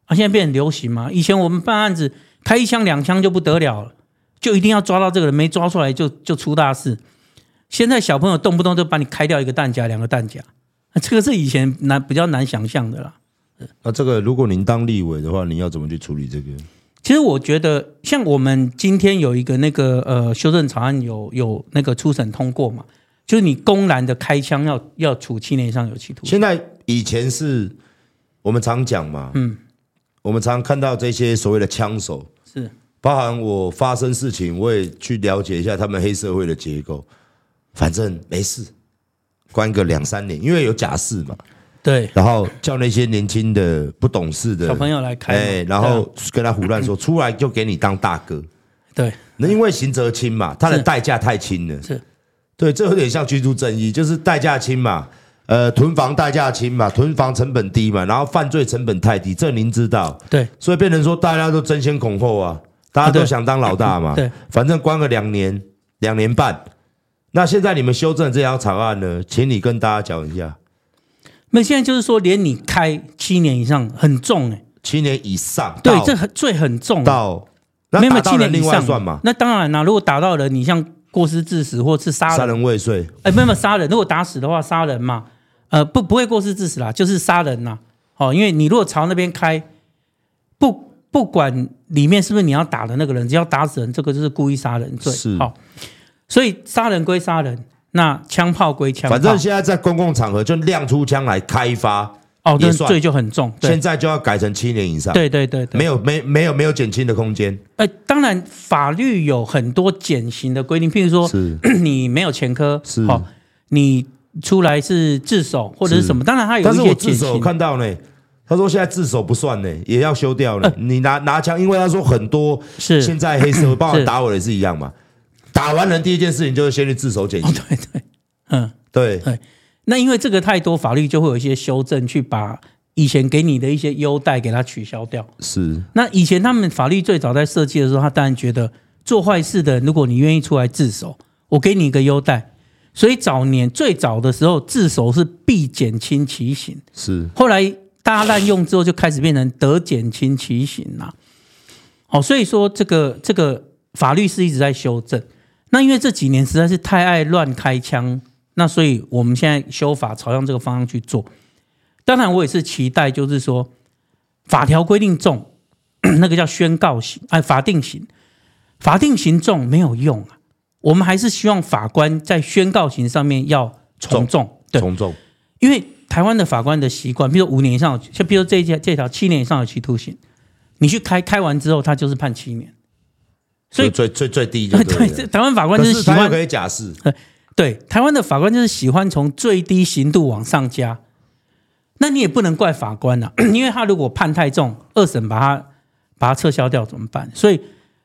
啊，現在變成流行嘛？以前我們辦案子開一槍兩槍就不得了了，就一定要抓到這個人，沒抓出來就就出大事。現在小朋友動不動就把你開掉一個彈夾兩個彈夾，啊，這個是以前難比較難想象的啦。那，啊，這個如果您當立委的話，您要怎麼去處理這個？其實我覺得，像我們今天有一個那個呃修正草案有，有有那個初審通過嘛？就是你公然的開槍，要要處七年以上有期徒刑。現在以前是我們常講嘛，嗯，我們常看到這些所謂的槍手是包含我發生事情，我也去了解一下他們黑社會的結構。反正沒事，關個兩三年，因為有假釋嘛。對，然後叫那些年輕的不懂事的小朋友來開，哎、欸，然後跟他胡亂說，嗯、出來就給你當大哥。對，那、嗯、因為刑責輕嘛，他的代價太輕了。是。是。對，這有點像居住正義，就是代價輕嘛，呃，囤房代價輕嘛，囤房成本低嘛，然後犯罪成本太低，這您知道，對，所以變成說大家都爭先恐後啊，大家都想當老大嘛，啊、對，啊、對反正關個兩年、兩年半，那現在你們修正這條草案呢，請你跟大家講一下。那現在就是說，連你開七年以上很重哎，七年以上，對，這很罪很重，到，那打到另外算嗎？那當然啦，如果打到了，你像。過失致死，或是殺人，殺人未遂。哎、欸，沒有沒有殺人。如果打死的話，殺人嘛，呃，不不會過失致死啦，就是殺人吶。因為你如果朝那邊開，不不管裡面是不是你要打的那個人，只要打死人，這個就是故意殺人罪是。好，所以殺人歸殺人，那槍炮歸槍炮。反正現在在公共場合就亮出槍來開發。哦，這罪就很重，現在就要改成七年以上。對對對，沒有沒沒有沒有減輕的空間。哎，當然法律有很多減刑的規定，譬如說你沒有前科，是好，你出來是自首或者是什麼，當然他有一些自首看到呢，他說現在自首不算呢，也要修掉了。你拿拿槍，因為他說很多是現在黑社會幫我打我的也是一樣嘛，打完人第一件事情就是先去自首減刑。對對，嗯，對對。那因為這個太多，法律就會有一些修正，去把以前給你的一些優待給它取消掉。是。那以前他們法律最早在設計的時候，他當然覺得做壞事的人，如果你願意出來自首，我給你一個優待。所以早年最早的時候，自首是必減輕其刑。是。後來大家濫用之後，就開始變成得減輕其刑了。哦，所以說這個這個法律是一直在修正。那因為這幾年實在是太愛亂開槍。那所以，我們現在修法朝向這個方向去做。當然，我也是期待，就是說法條規定重，那個叫宣告刑，哎，法定刑，法定刑重沒有用啊。我們還是希望法官在宣告刑上面要從重，重，從重。對重重，因為台灣的法官的習慣，比如五年以上，就比如這一條這一條七年以上的有期徒刑，你去開開完之後，他就是判七年。所以，所以最最最低就對對，台灣法官就是習慣可，可以假釋。對台灣的法官就是喜歡從最低刑度往上加，那你也不能怪法官了啊，因為他如果判太重，二審把他把他撤銷掉怎麼辦？所以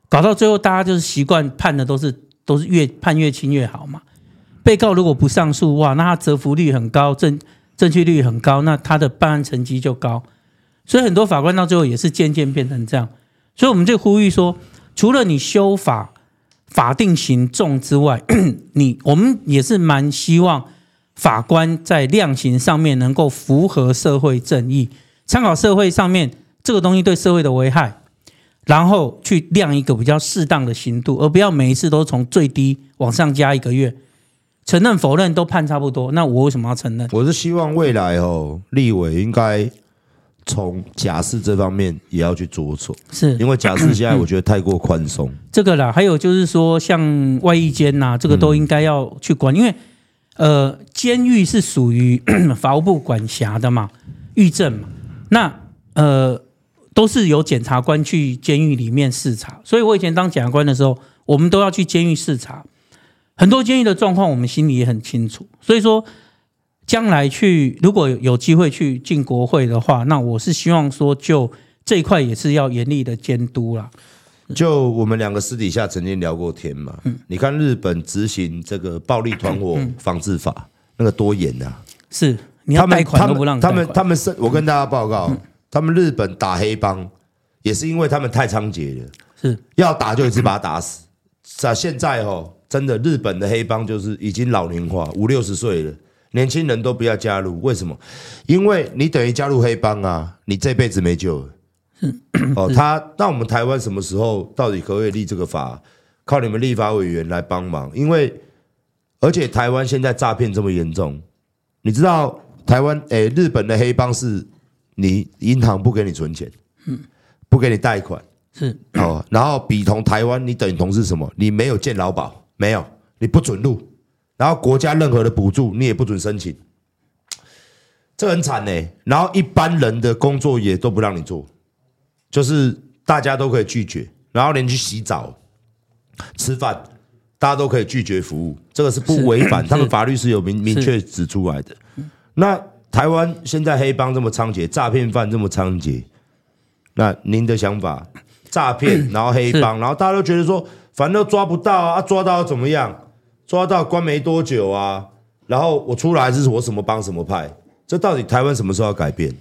搞到最後，大家就是習慣判的都是都是越判越輕越好嘛。被告如果不上訴，哇，那他折服率很高，正正確率很高，那他的辦案成績就高。所以很多法官到最後也是漸漸變成這樣。所以我們就呼籲說，除了你修法。法定刑重之外，你我們也是蠻希望法官在量刑上面能夠符合社會正義，參考社會上面這個東西對社會的危害，然後去量一個比較適當的刑度，而不要每一次都從最低往上加一個月，承認否認都判差不多，那我為什麼要承認？我是希望未來哦，立委應該。從假釋這方面也要去着手，是，因為假釋現在我覺得太過寬鬆，嗯嗯。這個啦，還有就是說，像外役監吶，這個都應該要去管，嗯、因為呃，監獄是屬於法務部管轄的嘛，獄政嘛。那呃，都是由檢察官去監獄裡面視察。所以我以前當檢察官的時候，我們都要去監獄視察，很多監獄的狀況我們心裡也很清楚。所以說。將來去，如果有機會去進國會的話，那我是希望說就，就這一塊也是要嚴厲的監督啦。就我們兩個私底下曾經聊過天嘛，嗯、你看日本執行這個暴力團夥防制法，嗯、那個多嚴吶，啊！是你要讓你他，他們他們他們他們是，我跟大家報告，嗯、他們日本打黑幫也是因為他們太猖獗了，是要打就一直把他打死。啊、嗯，現在哦，真的日本的黑幫就是已經老齡化，五六十歲了。年輕人都不要加入，為什麼？因為你等於加入黑幫啊，你這輩子沒救了。哦，他那我們台灣什麼時候到底可以立這個法？靠你們立法委員來幫忙，因為而且台灣現在詐騙這麼嚴重，你知道台灣誒、欸、日本的黑幫是你，你銀行不給你存錢，嗯是，不給你貸款，是哦，然後比同台灣你等同是什麼？你沒有健勞保，沒有，你不准入。然後國家任何的補助你也不准申請，這很慘呢、欸。然後一般人的工作也都不讓你做，就是大家都可以拒絕。然後連去洗澡、吃飯，大家都可以拒絕服務。這個是不違反是他們法律是有明是明確指出來的。那台灣現在黑幫這麼猖獗，詐騙犯這麼猖獗，那您的想法？詐騙，然後黑幫，是然後大家都覺得說，反正抓不到啊，啊抓到又怎麼樣？抓到關沒多久啊，然後我出來，這是我什麼幫什麼派。這到底台灣什麼時候要改變？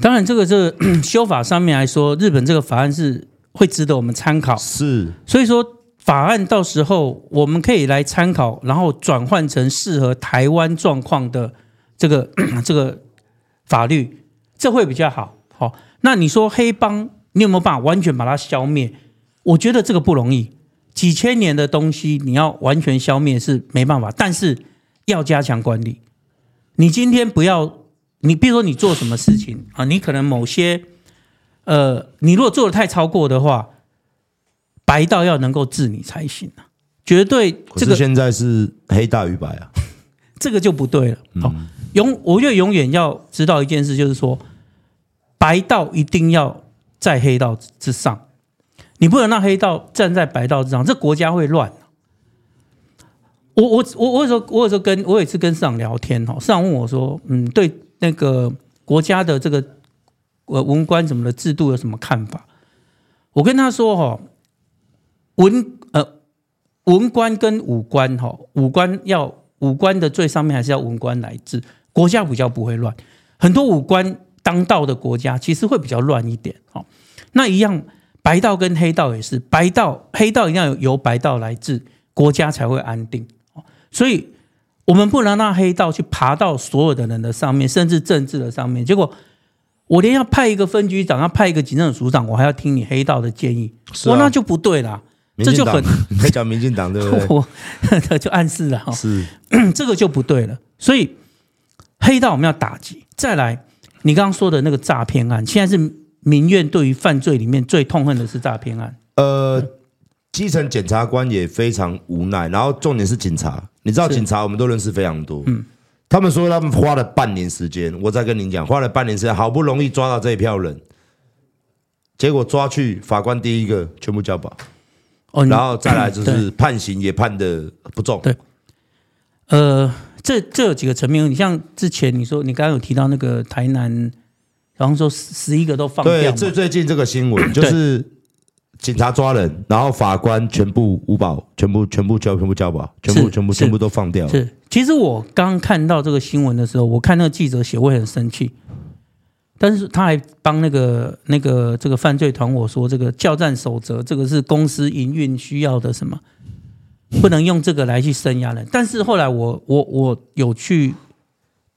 當然，這個，這個這修法上面來說，日本這個法案是會值得我們參考。是，所以說法案到時候我們可以來參考，然後轉換成適合台灣狀況的這個這個法律，這會比較好。好，那你說黑幫，你有沒有辦法完全把它消滅？我覺得這個不容易。幾千年的東西，你要完全消滅是沒辦法，但是要加強管理。你今天不要，你比如說你做什麼事情啊，你可能某些呃，你如果做的太超過的話，白道要能夠治你才行啊，絕對。這個可是現在是黑大於白啊， 這個就不對了。好、嗯，永，我越永遠要知道一件事，就是說，白道一定要在黑道之上。你不能讓黑道站在白道之上，這國家會亂。我我我，我有時候我有時候跟我有一次跟市長聊天哈，市長問我說：“嗯，對那個國家的這個呃文官什麼的制度有什麼看法？”我跟他說哈，文呃文官跟武官哈，武官要武官的最上面還是要文官來治，國家比較不會亂。很多武官當道的國家其實會比較亂一點哈。那一樣。白道跟黑道也是，白道黑道一定要由白道來治，國家才會安定。所以，我們不能讓黑道去爬到所有的人的上面，甚至政治的上面。結果，我連要派一個分局長，要派一個警政署長，我還要聽你黑道的建議，我、啊哦、那就不對了、啊。這就很在講民進黨，對不對？就暗示了、哦，是這個就不對了。所以，黑道我們要打擊。再來，你剛剛說的那個詐騙案，現在是。民怨對於犯罪裡面最痛恨的是詐騙案。呃，基層檢察官也非常無奈。然後重點是警察，你知道警察我們都認識非常多。嗯，他們說他們花了半年時間，我再跟你講，花了半年時間，好不容易抓到這一票人，結果抓去法官第一個全部交保，哦，然後再來就是判刑也判得不重，嗯對。對，呃，這這有幾個層面，你像之前你說，你剛剛有提到那個台南。比方說十一個都放掉，對，最、最近這個新聞就是警察抓人，對然後法官全部無保，全部全部交全部交保，全部是全部是全部都放掉。是，其實我剛看到這個新聞的時候，我看那個記者寫會很生氣，但是他還幫那個那個這個犯罪團夥說這個交戰守則，這個是公司營運需要的什麼，不能用這個來去聲押人。但是後來我我我有去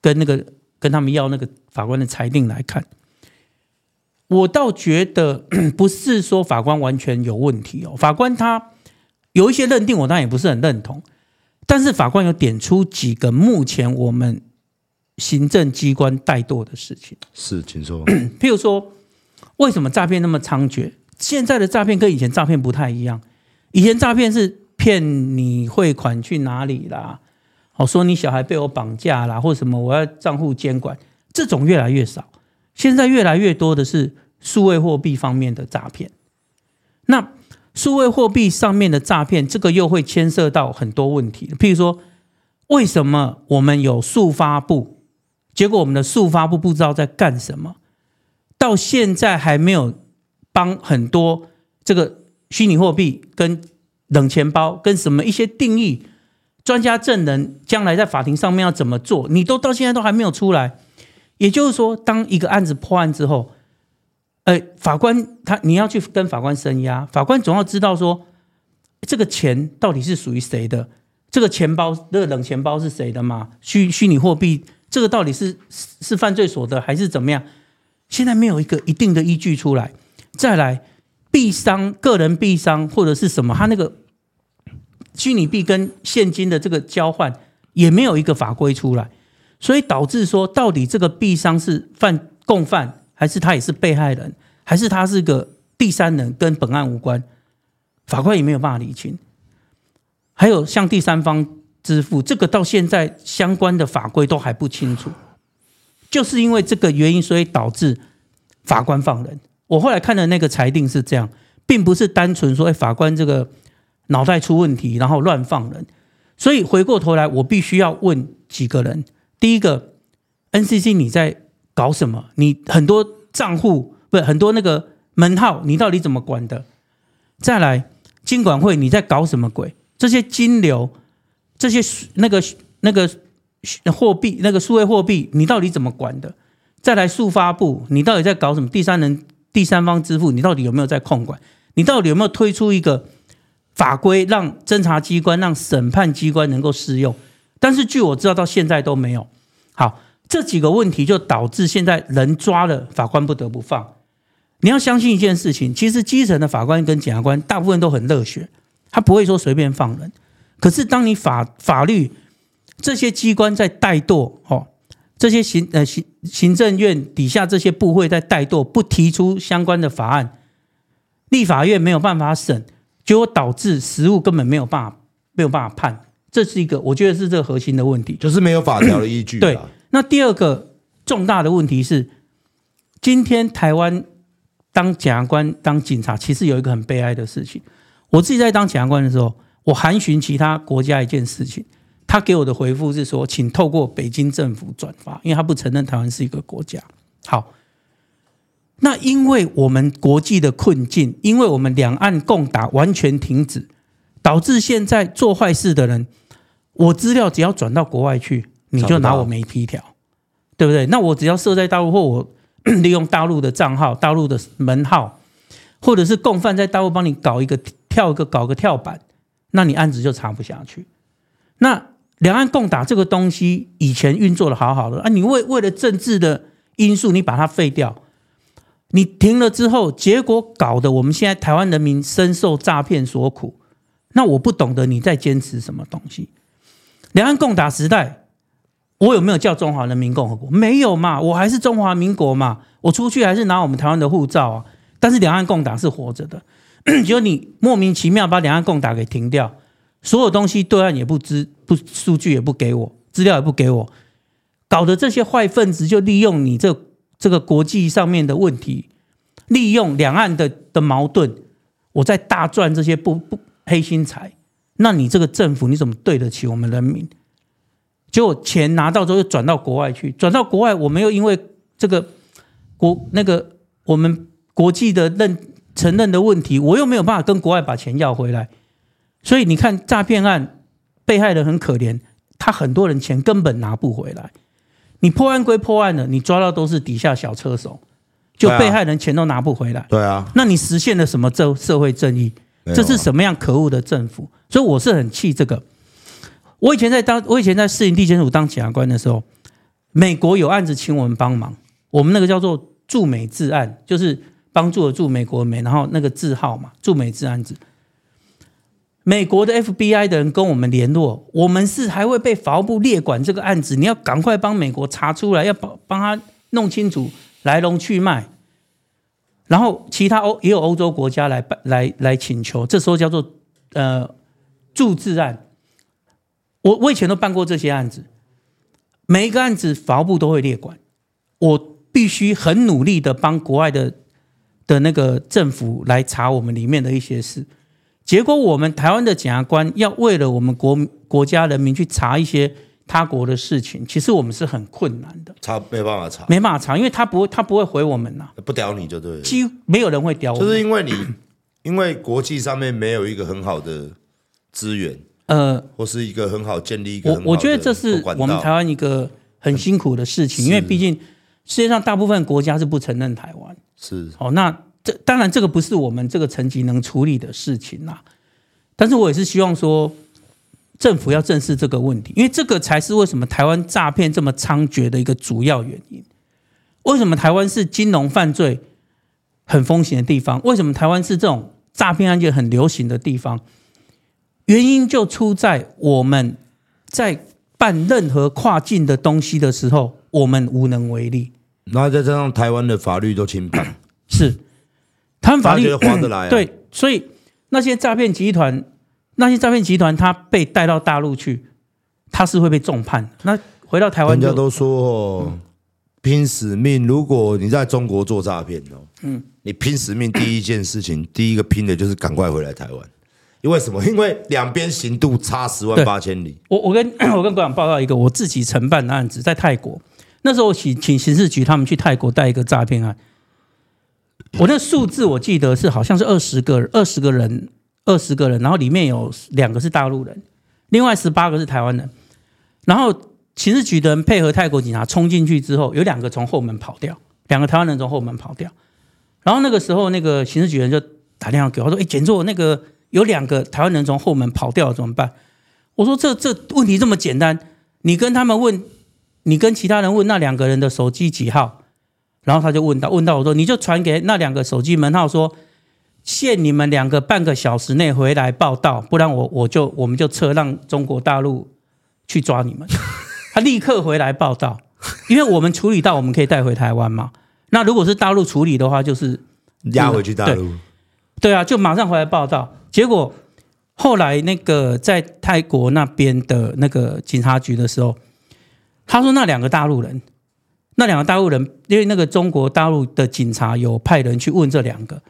跟那個跟他們要那個。法官的裁定來看，我倒覺得不是說法官完全有問題哦。法官他有一些認定，我當然也不是很認同，但是法官有點出幾個目前我們行政機關怠惰的事情。是，請說。譬如說，為什麼詐騙那麼猖獗？現在的詐騙跟以前詐騙不太一樣。以前詐騙是騙你匯款去哪裡啦，哦，說你小孩被我綁架啦，或什麼我要賬戶監管。這種越來越少，現在越來越多的是數位貨幣方面的詐騙。那數位貨幣上面的詐騙，這個又會牽涉到很多問題。譬如說，為什麼我們有數發部，結果我們的數發部不知道在幹什麼？到現在還沒有幫很多這個虛擬貨幣、跟冷錢包、跟什麼一些定義專家證人，將來在法庭上面要怎麼做？你都到現在都還沒有出來。也就是說，當一個案子破案之後，呃、欸，法官他你要去跟法官施壓，法官總要知道說這個錢到底是屬於誰的，這個錢包、這個冷錢包是誰的嘛？虛虛擬貨幣這個到底是是，是犯罪所得還是怎麼樣？現在沒有一個一定的依據出來。再來，幣商、個人幣商或者是什麼，他那個虛擬幣跟現金的這個交換也沒有一個法規出來。所以導致說，到底這個 B 商是犯共犯，還是他也是被害人，還是他是個第三人，跟本案無關？法官也沒有辦法釐清。還有向第三方支付，這個到現在相關的法規都還不清楚。就是因為這個原因，所以導致法官放人。我後來看的那個裁定是這樣，並不是單純說，哎，法官這個腦袋出問題，然後亂放人。所以回過頭來，我必須要問幾個人。第一個，NCC 你在搞什麼？你很多賬戶不是，很多那個門號，你到底怎麼管的？再來，金管會你在搞什麼鬼？這些金流，這些那個那個貨幣，那個數位貨幣，你到底怎麼管的？再來，數發部你到底在搞什麼？第三人第三方支付，你到底有沒有在控管？你到底有沒有推出一個法規，讓偵查機關、讓審判機關能夠適用？但是據我知道，到現在都沒有。好，這幾個問題就導致現在人抓了，法官不得不放。你要相信一件事情，其實基層的法官跟檢察官大部分都很熱血，他不會說隨便放人。可是當你法法律，這些機關在怠惰哦，這些行呃行行政院底下這些部會在怠惰，不提出相關的法案，立法院沒有辦法審，結果導致實務根本沒有辦法沒有辦法判。這是一個，我覺得是這核心的問題， 就是沒有法條的依據。對，那第二個重大的問題是，今天台灣當檢察官當警察，其實有一個很悲哀的事情。我自己在當檢察官的時候，我函詢其他國家一件事情，他給我的回復是說，請透過北京政府轉發，因為他不承認台灣是一個國家。好，那因為我們國際的困境，因為我們兩岸共打完全停止，導致現在做壞事的人。我資料只要轉到國外去，你就拿我沒皮條，對不對？那我只要設在大陸或我 利用大陸的賬號、大陸的門號，或者是共犯在大陸幫你搞一個跳一個、搞個跳板，那你案子，就查不下去。那兩岸共打這個東西以前運作的好好的啊，你為為了政治的因素你把它廢掉，你停了之後，結果搞得我們現在台灣人民深受詐騙所苦。那我不懂得你在堅持什麼東西。兩岸共打時代，我有沒有叫中華人民共和國？沒有嘛，我還是中華民國嘛。我出去還是拿我們台灣的護照啊。但是兩岸共打是活着的，就你莫名其妙把兩岸共打給停掉，所有東西對岸也不知，不，數據也不給我，資料也不給我，搞得這些壞分子就利用你這這個國際上面的問題，利用兩岸的的矛盾，我在大賺這些不，不，黑心財。那你這個政府你怎麼對得起我們人民？結果錢拿到之後又轉到國外去，轉到國外我們又因為這個國那個我們國際的認承認的問題，我又沒有辦法跟國外把錢要回來。所以你看詐騙案，被害人很可憐，他很多人錢根本拿不回來。你破案歸破案了，你抓到都是底下小車手，就被害人錢都拿不回來。對啊，啊啊、那你實現了什麼正社會正義？這是什麼樣可惡的政府？所以我是很氣這個。我以前在當，我以前在市營地檢署當檢察官的時候，美國有案子請我們幫忙，我們那個叫做駐美治案，就是幫助駐美國的美，然後那個字號嘛，駐美治案子。美國的 FBI 的人跟我們聯絡，我們是還會被法務部列管這個案子，你要趕快幫美國查出來，要幫幫他弄清楚來龍去脈。然後其他歐也有歐洲國家來辦來來請求，這時候叫做呃註治案。我我以前都辦過這些案子，每一個案子法務部都會列管，我必須很努力的幫國外的的那個政府來查我們裡面的一些事。結果我們台灣的檢察官要為了我們國國家人民去查一些。他國的事情，其實我們是很困難的，查沒辦法查，沒辦法查，因為他不他不會回我們吶、啊，不屌你就對了，幾乎沒有人會屌我，就是因為你， 因為國際上面沒有一個很好的資源，呃，或是一個很好建立一個很好的，我我覺得這是我們台灣一個很辛苦的事情，嗯、因為畢竟世界上大部分國家是不承認台灣，是，好、哦，那這當然這個不是我們這個層級能處理的事情吶，但是我也是希望說。政府要正視這個問題，因為這個才是為什麼台灣詐騙這麼猖獗的一個主要原因。為什麼台灣是金融犯罪很風險的地方？為什麼台灣是這種詐騙案件很流行的地方？原因就出在我們在辦任何跨境的東西的時候，我們無能為力。然後再加上台灣的法律都輕判，是他們法律划得來、啊、 對，所以那些詐騙集團。那些詐騙集團，他被帶到大陸去，他是會被重判。那回到台灣，人家都說拼死命。如果你在中國做詐騙哦，嗯，你拼死命，第一件事情， 第一個拼的就是趕快回來台灣。因為什麼？因為兩邊刑度差十萬八千里。我我跟我跟館長報告一個我自己承辦的案子，在泰國那時候請、請請刑事局他們去泰國帶一個詐騙案。我那數字我記得是好像是二十個二十個人。二十個人，然後裡面有兩個是大陸人，另外十八個是台灣人。然後刑事局的人配合泰國警察衝進去之後，有兩個從後門跑掉，兩個台灣人從後門跑掉。然後那個時候，那個刑事局的人就打電話給我，我說：“哎，檢座，我那個有兩個台灣人從後門跑掉了，怎麼辦？”我說：“這這問題這麼簡單，你跟他們問，你跟其他人問那兩個人的手機幾號。”然後他就問到，問到我說：“你就傳給那兩個手機門號說。”限你們兩個半個小時內回來報到，不然我我就我們就撤，讓中國大陸去抓你們。他立刻回來報到，因為我們處理到我們可以帶回台灣嘛。那如果是大陸處理的話，就是押回去大陸對。對啊，就馬上回來報到。結果後來那個在泰國那邊的那個警察局的時候，他說那兩個大陸人，那兩個大陸人，因為那個中國大陸的警察有派人去問這兩個。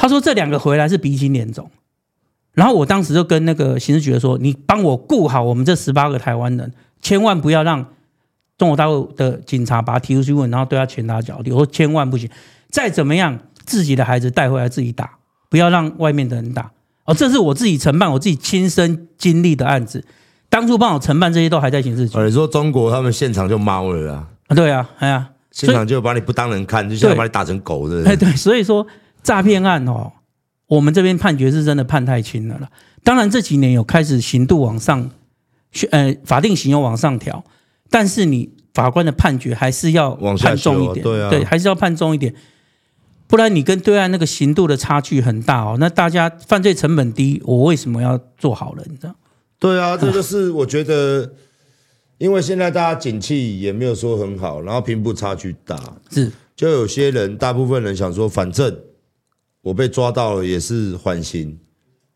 他說這兩個回來是鼻青臉腫，然後我當時就跟那個刑事局的說，你幫我顧好我們這十八個台灣人，千萬不要讓中國大陸的警察把他提出去問，然後對他拳打腳踢。我說千萬不行，再怎麼樣自己的孩子帶回來自己打，不要讓外面的人打。哦，這是我自己承辦我自己親身經歷的案子，當初幫我承辦這些都還在刑事局。啊、你說中國他們現場就貓了啊？對啊，哎呀、啊，現場就把你不當人看，就想把你打成狗的。哎對、欸、對，所以說。詐騙案哦，我們這邊判決是真的判太輕了啦。當然這幾年有開始刑度往上，呃，法定刑又往上調，但是你法官的判決還是要判重一點，啊對，啊、對，還是要判重一點，不然你跟對岸那個刑度的差距很大哦。那大家犯罪成本低，我為什麼要做好人，你知道？對啊，這就是我覺得，唉因為現在大家景氣也沒有說很好，然後貧富差距大，是，就有些人，大部分人想說，反正。我被抓到了也是緩刑，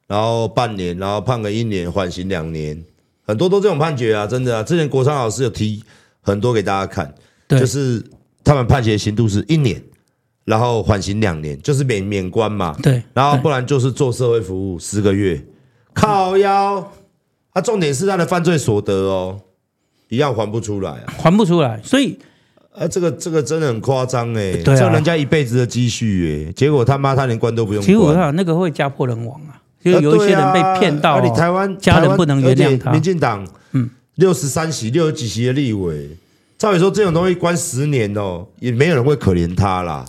然後半年，然後判個一年緩刑兩年，很多都這種判決啊，真的啊。之前國昌老師有提很多給大家看，對就是他們判決的刑度是一年，然後緩刑兩年，就是免免關嘛。對，然後不然就是做社會服務十個月，嗯、靠腰。他、啊、重點是他的犯罪所得哦，一樣還不出來啊，還不出來，所以。呃，這個這個真的很誇張哎、欸，對啊、這人家一輩子的積蓄哎、欸，結果他媽他連關都不用關。其實我講那個會家破人亡啊，就有一些人被騙到，哦，你台灣家人不能原諒他。啊、民進黨，嗯，六十三席六十幾席的立委，照理說這種東西關十年哦，也沒有人會可憐他啦，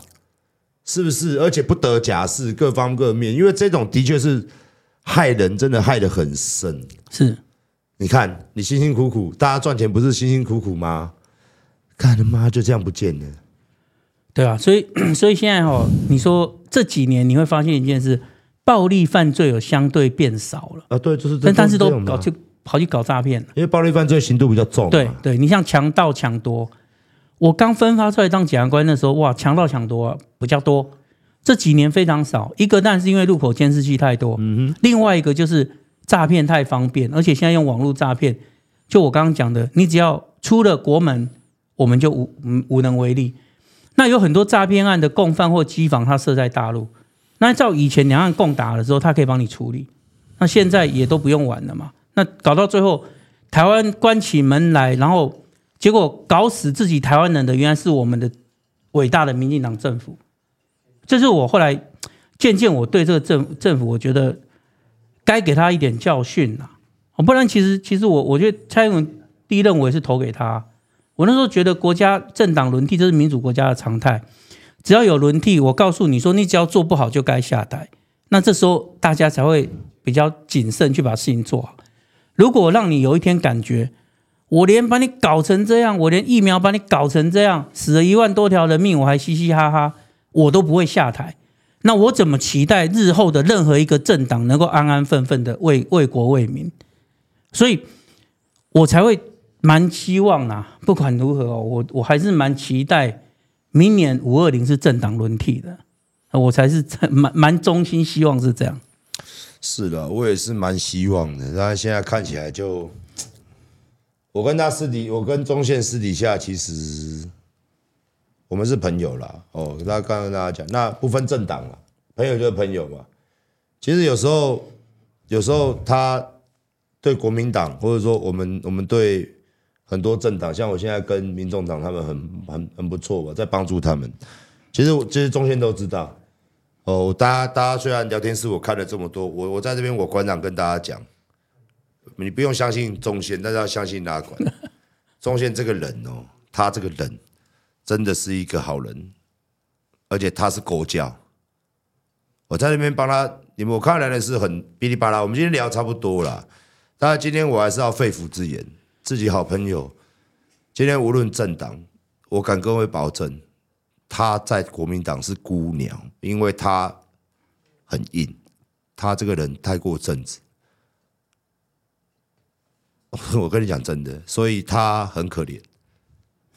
是不是？而且不得假釋，各方各面，因為這種的確是害人，真的害得很深。是，你看你辛辛苦苦，大家賺錢不是辛辛苦苦嗎？幹他媽就這樣不見了，對啊。所以，所以現在哈、哦，你說這幾年你會發現一件事，暴力犯罪有相對變少了啊。對，就是，但但是都搞就跑去搞詐騙，因為暴力犯罪刑度比較重對。對，對，你像強盜搶奪，我剛分發出來當檢察官的時候，哇，強盜搶奪、啊、比較多。這幾年非常少。一個，但是因為路口監視器太多。嗯哼，另外一個就是詐騙太方便，而且現在用網絡詐騙，就我剛剛講的，你只要出了國門。我們就無無能為力。那有很多詐騙案的共犯或機房，他設在大陸。那照以前兩岸共打的時候，他可以幫你處理。那現在也都不用玩了嘛。那搞到最後，台灣關起門來，然後結果搞死自己台灣人的，原來是我們的偉大的民進黨政府。這、就是我後來漸漸我對這個政政府，我覺得該給他一點教訓了、啊。我不然其，其實其實我我覺得蔡英文第一任我也是投給他。我那時候覺得，國家政黨輪替這是民主國家的常態，只要有輪替，我告訴你說，你只要做不好就該下台。那這時候大家才會比較謹慎去把事情做好。如果讓你有一天感覺，我連把你搞成這樣，我連疫苗把你搞成這樣，死了一萬多條人命，我還嘻嘻哈哈，我都不會下台。那我怎麼期待日後的任何一個政黨能夠安安分分的為為國為民？所以，我才會。蠻希望啊，不管如何，哦，我我還是蠻期待明年五二零是政黨輪替的，我才是蠻蠻衷心希望是這樣。是的，我也是蠻希望的。大家現在看起來就，我跟他私底，我跟宗憲私底下其實我們是朋友啦。哦，那剛剛跟大家講，那不分政黨了，朋友就是朋友嘛。其實有時候，有時候他對國民黨，或者說我們我們對。很多政黨，像我現在跟民眾黨他們很很很不錯吧，在幫助他們。其實我其實宗憲都知道哦，大家大家雖然聊天室我看了這麼多，我我在這邊我館長跟大家講，你不用相信宗憲，但是要相信拉管。宗憲這個人哦，他這個人真的是一個好人，而且他是國教。我在那邊幫他，你們我看來的是很噼里啪啦。我們今天聊差不多了，大家今天我還是要肺腑之言。自己好朋友，今天無論政黨，我敢跟各位保證，他在國民黨是孤鳥，因為他很硬，他這個人太過正直。我跟你講真的，所以他很可憐。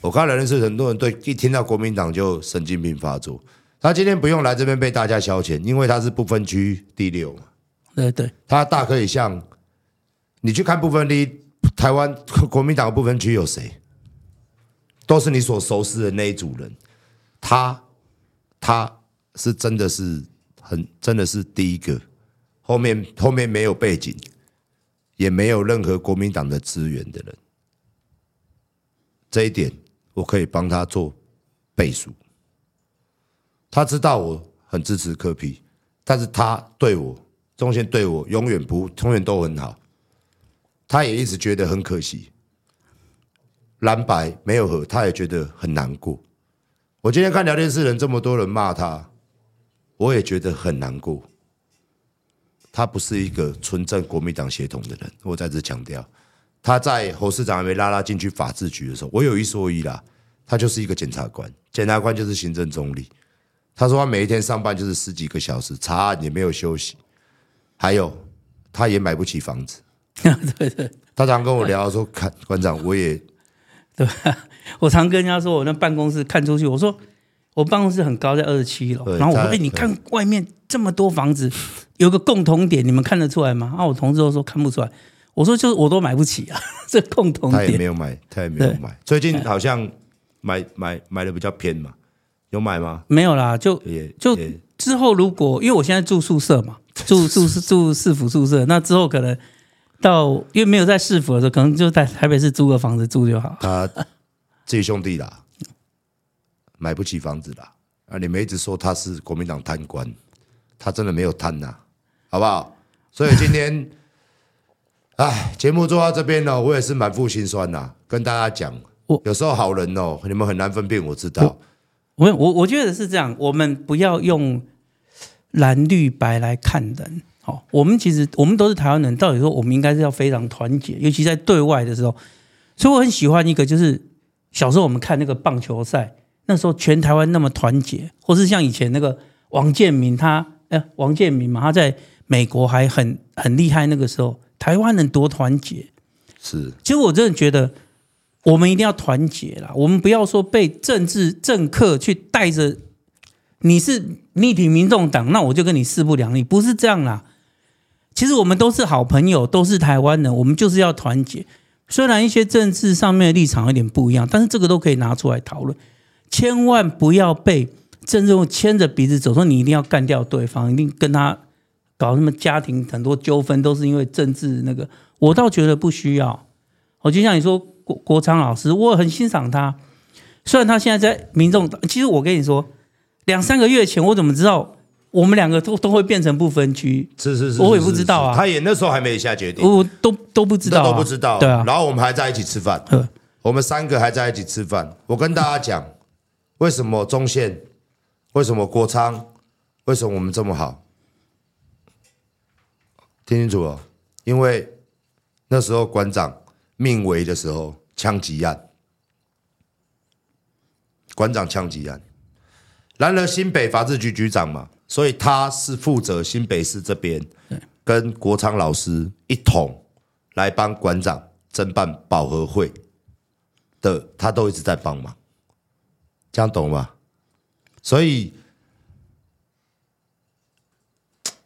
我看人是很多人對一聽到國民黨就神經病發作，他今天不用來這邊被大家消遣，因為他是不分區第六對對，他大可以像你去看不分區第一。台灣國民黨的不分區有誰？都是你所熟識的那一組人。他，他是真的是很真的是第一個，後面後面沒有背景，也沒有任何國民黨的資源的人。這一點我可以幫他做背書。他知道我很支持柯 P，但是他對我宗憲，對我永遠不永遠都很好。他也一直覺得很可惜，藍白沒有合，他也覺得很難過。我今天看聊天室人這麼多人罵他，我也覺得很難過。他不是一個純正國民黨系統的人，我在這強調，他在侯市長還沒拉拉進去法制局的時候，我有一說一啦，他就是一個檢察官，檢察官就是行政中立。他說他每一天上班就是十幾個小時，查案也沒有休息，還有他也買不起房子。對對，他常跟我聊說，看館長，我也對。我常跟人家說我那辦公室看出去，我說我辦公室很高，在二十七樓。然後我說，哎，你看外面這麼多房子，有個共同點，你們看得出來嗎？啊，我同事都說看不出來。我說就是，我都買不起啊，這共同點。他也沒有買，他也沒有買。最近好像買買買的比較偏嘛，有買嗎？沒有啦，就也就之後如果因為我現在住宿舍嘛，住住住市府宿舍，那之後可能。到因為沒有在市府的時候，可能就在台北市租個房子住就好。他自己兄弟啦， 買不起房子啦。啊，你們一直說他是國民黨貪官，他真的沒有貪吶、啊，好不好？所以今天， 唉，節目做到這邊呢、哦，我也是滿腹心酸吶、啊，跟大家講，我有時候好人哦，你們很難分辨，我知道。我我我覺得是這樣，我們不要用藍綠白來看人。我們其實我們都是台灣人，到底說我們應該是要非常團結，尤其在對外的時候。所以我很喜歡一個，就是小時候我們看那個棒球賽，那時候全台灣那麼團結，或是像以前那個王建民他，他、欸、哎王建民嘛，他在美國還很很厲害。那個時候台灣人多團結，是。其實我真的覺得，我們一定要團結啦，我們不要說被政治政客去帶着。你是挺民眾黨，那我就跟你勢不兩立，不是這樣啦。其實我們都是好朋友，都是台灣人，我們就是要團結。雖然一些政治上面的立場有點不一樣，但是這個都可以拿出來討論。千萬不要被政治牽着鼻子走，說你一定要幹掉對方，一定跟他搞什麼家庭很多糾紛，都是因為政治那個。我倒覺得不需要。我就像你說，國，國昌老師，我很欣賞他。雖然他現在在民眾，其實我跟你說，兩三個月前我怎麼知道？我們兩個都都會變成不分區，是是是，我也不知道啊，是是是，他也那時候還沒有下決定，我都都、啊、都都不知道，都不知道，對啊，然後我們還在一起吃飯，呵我們三個還在一起吃飯。我跟大家講，為什麼宗憲，為什麼國昌，為什麼我們這麼好？聽清楚了，因為那時候館長命危的時候，槍擊案，館長槍擊案。然而新北法制局局長嘛，所以他是負責新北市這邊，跟國昌老師一同來幫館長偵辦寶和會的，他都一直在幫忙，這樣懂嗎？所以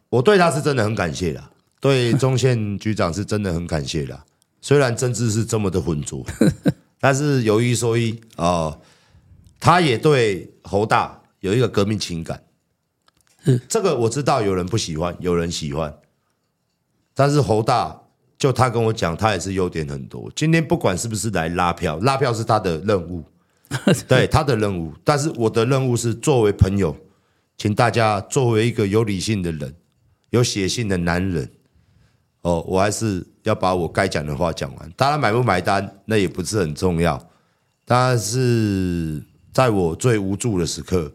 我對他是真的很感謝啦，對宗憲局長是真的很感謝啦，雖然政治是這麼的渾濁，但是有一說一啊、呃，他也對侯大。有一個革命情感，這個我知道，有人不喜歡，有人喜歡。但是侯大就他跟我講，他也是優點很多。今天不管是不是來拉票，拉票是他的任務，對他的任務。但是我的任務是作為朋友，請大家作為一個有理性的人，有血性的男人。哦，我還是要把我該講的話講完。當然買不買單，那也不是很重要。但是在我最無助的時刻。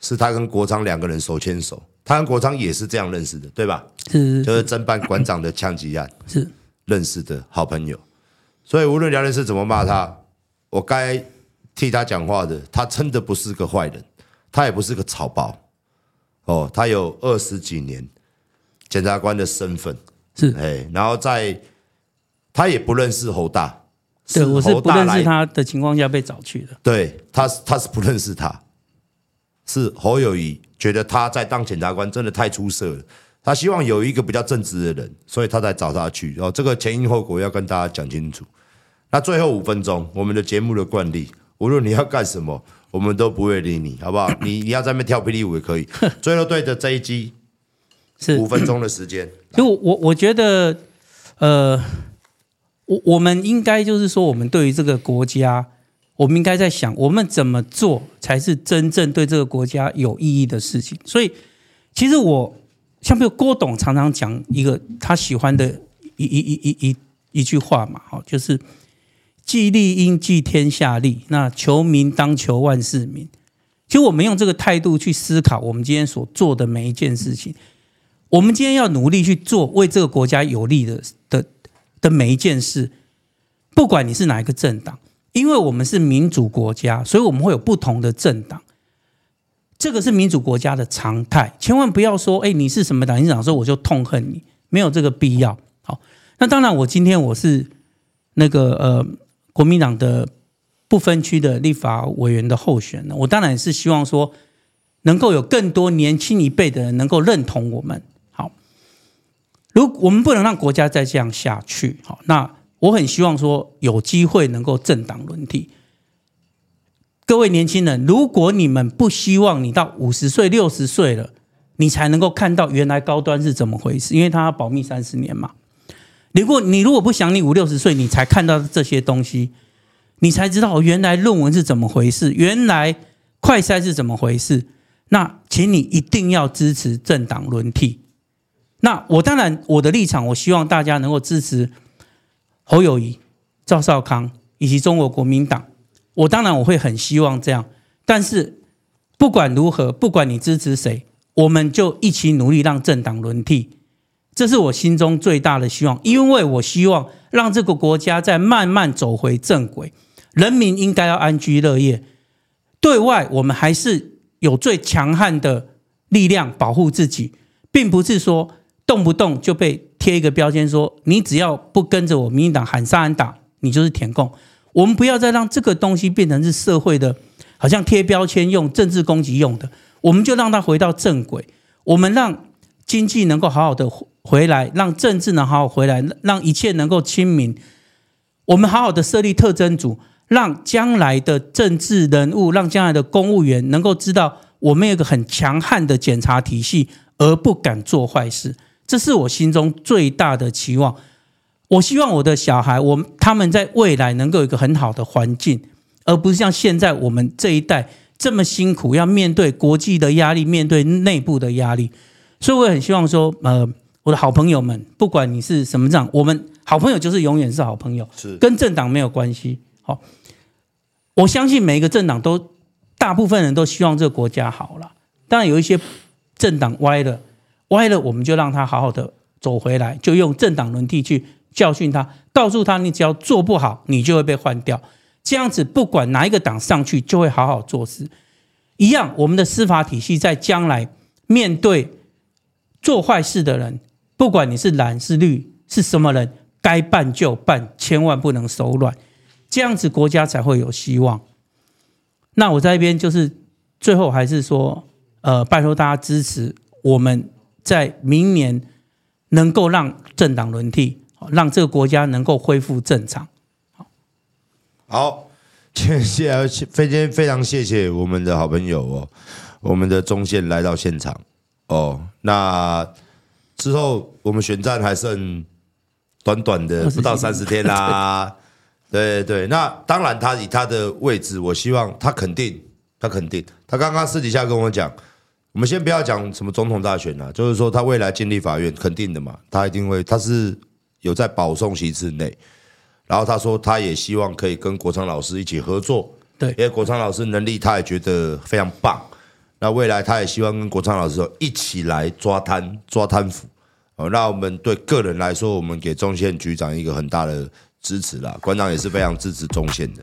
是他跟國昌兩個人手牽手，他跟國昌也是這樣認識的，對吧？是，是，就是偵辦館長的槍擊案，是，是認識的好朋友。所以無論梁律師怎麼罵他，我該替他講話的。他真的不是個壞人，他也不是個草包。哦，他有二十幾年檢察官的身份，是哎、欸。然後在他也不認識侯大，是侯大來，我是不認識他的情況下被找去的。對，他是他是不認識他。是侯友宜覺得他在當檢察官真的太出色了，他希望有一個比較正直的人，所以他才找他去，哦。然後這個前因後果要跟大家講清楚。那最後五分鐘，我們的節目的慣例，無論你要幹什麼，我們都不會理你，好不好？你你要在那邊跳霹靂舞也可以。最後對着這一集，是五分鐘的時間。就我我覺得，呃，我我們應該就是說，我們對於這個國家。我們應該在想，我們怎麼做才是真正對這個國家有意義的事情？所以，其實我像比如郭董常常講一個他喜歡的一一一一一一句話嘛，好，就是“計利應計天下利，那求名當求萬世名”。其實我們用這個態度去思考，我們今天所做的每一件事情，我們今天要努力去做為這個國家有利的的的每一件事，不管你是哪一個政黨。因為我們是民主國家，所以我們會有不同的政黨，這個是民主國家的常態。千萬不要說，哎、欸，你是什麼黨？你這樣說，我就痛恨你，沒有這個必要。好，那當然，我今天我是那個呃國民黨的不分區的立法委員的候選人，我當然也是希望說能夠有更多年輕一輩的人能夠認同我們。好，如我們不能讓國家再這樣下去。好，那。我很希望說有機會能夠政黨輪替。各位年輕人，如果你們不希望你到五十歲、六十歲了，你才能夠看到原來高端是怎麼回事，因為他要保密三十年嘛。如果你如果不想你五六十歲，你才看到這些東西，你才知道原來論文是怎麼回事，原來快篩是怎麼回事。那，請你一定要支持政黨輪替。那我當然我的立場，我希望大家能夠支持。侯友宜、趙少康以及中國國民黨，我當然我會很希望這樣。但是不管如何，不管你支持誰，我們就一起努力讓政黨輪替，這是我心中最大的希望。因為我希望讓這個國家再慢慢走回正軌，人民應該要安居樂業。對外，我們還是有最強悍的力量保護自己，並不是說動不動就被。貼一個標籤說，你只要不跟着我，民進黨喊殺喊打，你就是舔共。我們不要再讓這個東西變成是社會的，好像貼標籤用、政治攻擊用的。我們就讓它回到正軌，我們讓經濟能夠好好的回來，讓政治能好好的回來，讓一切能夠清明。我們好好的設立特偵組，讓將來的政治人物、讓將來的公務員能夠知道我們有一個很強悍的檢察體系，而不敢做壞事。這是我心中最大的期望。我希望我的小孩，我他們在未來能夠有一個很好的環境，而不是像現在我們這一代這麼辛苦，要面對國際的壓力，面對內部的壓力。所以我很希望說，呃，我的好朋友們，不管你是什麼政黨，我們好朋友就是永遠是好朋友，跟政黨沒有關係。好，我相信每一個政黨都，大部分人都希望這個國家好了。當然有一些政黨歪了。歪了，我們就讓他好好的走回來，就用政黨輪替去教訓他，告訴他：你只要做不好，你就會被換掉。這樣子，不管哪一個黨上去，就會好好做事。一樣，我們的司法體系在將來面對做壞事的人，不管你是藍是綠，是什麼人，該辦就辦，千萬不能手軟。這樣子，國家才會有希望。那我在這邊，就是最後還是說，呃，拜托大家支持我們。在明年能夠讓政黨輪替，讓這個國家能夠恢復正常。好，好，謝謝，非常非常謝謝我們的好朋友哦，我們的宗憲來到現場哦。那之後我們選戰還剩短短的不到三十天啦，啊。對對，那當然他以他的位置，我希望他肯定，他肯定。他剛剛私底下跟我講。我們先不要講什麼總統大選、啊、就是說他未來建立法院肯定的嘛，他一定會他是有在保送席次內，然後他說他也希望可以跟國昌老師一起合作，對，因為國昌老師能力他也覺得非常棒，那未來他也希望跟國昌老師一起來抓貪抓貪腐哦。那我們對個人來說，我們給宗憲局長一個很大的支持啦，館長也是非常支持宗憲的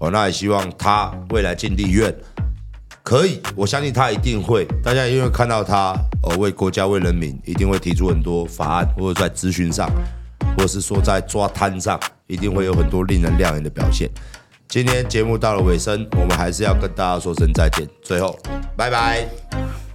哦，那也希望他未來建立院。可以，我相信他一定會。大家因為看到他，呃，為國家、為人民，一定會提出很多法案，或者在質詢上，或者是說在抓貪上，一定會有很多令人亮眼的表現。今天節目到了尾聲，我們還是要跟大家說聲再見，最後，拜拜。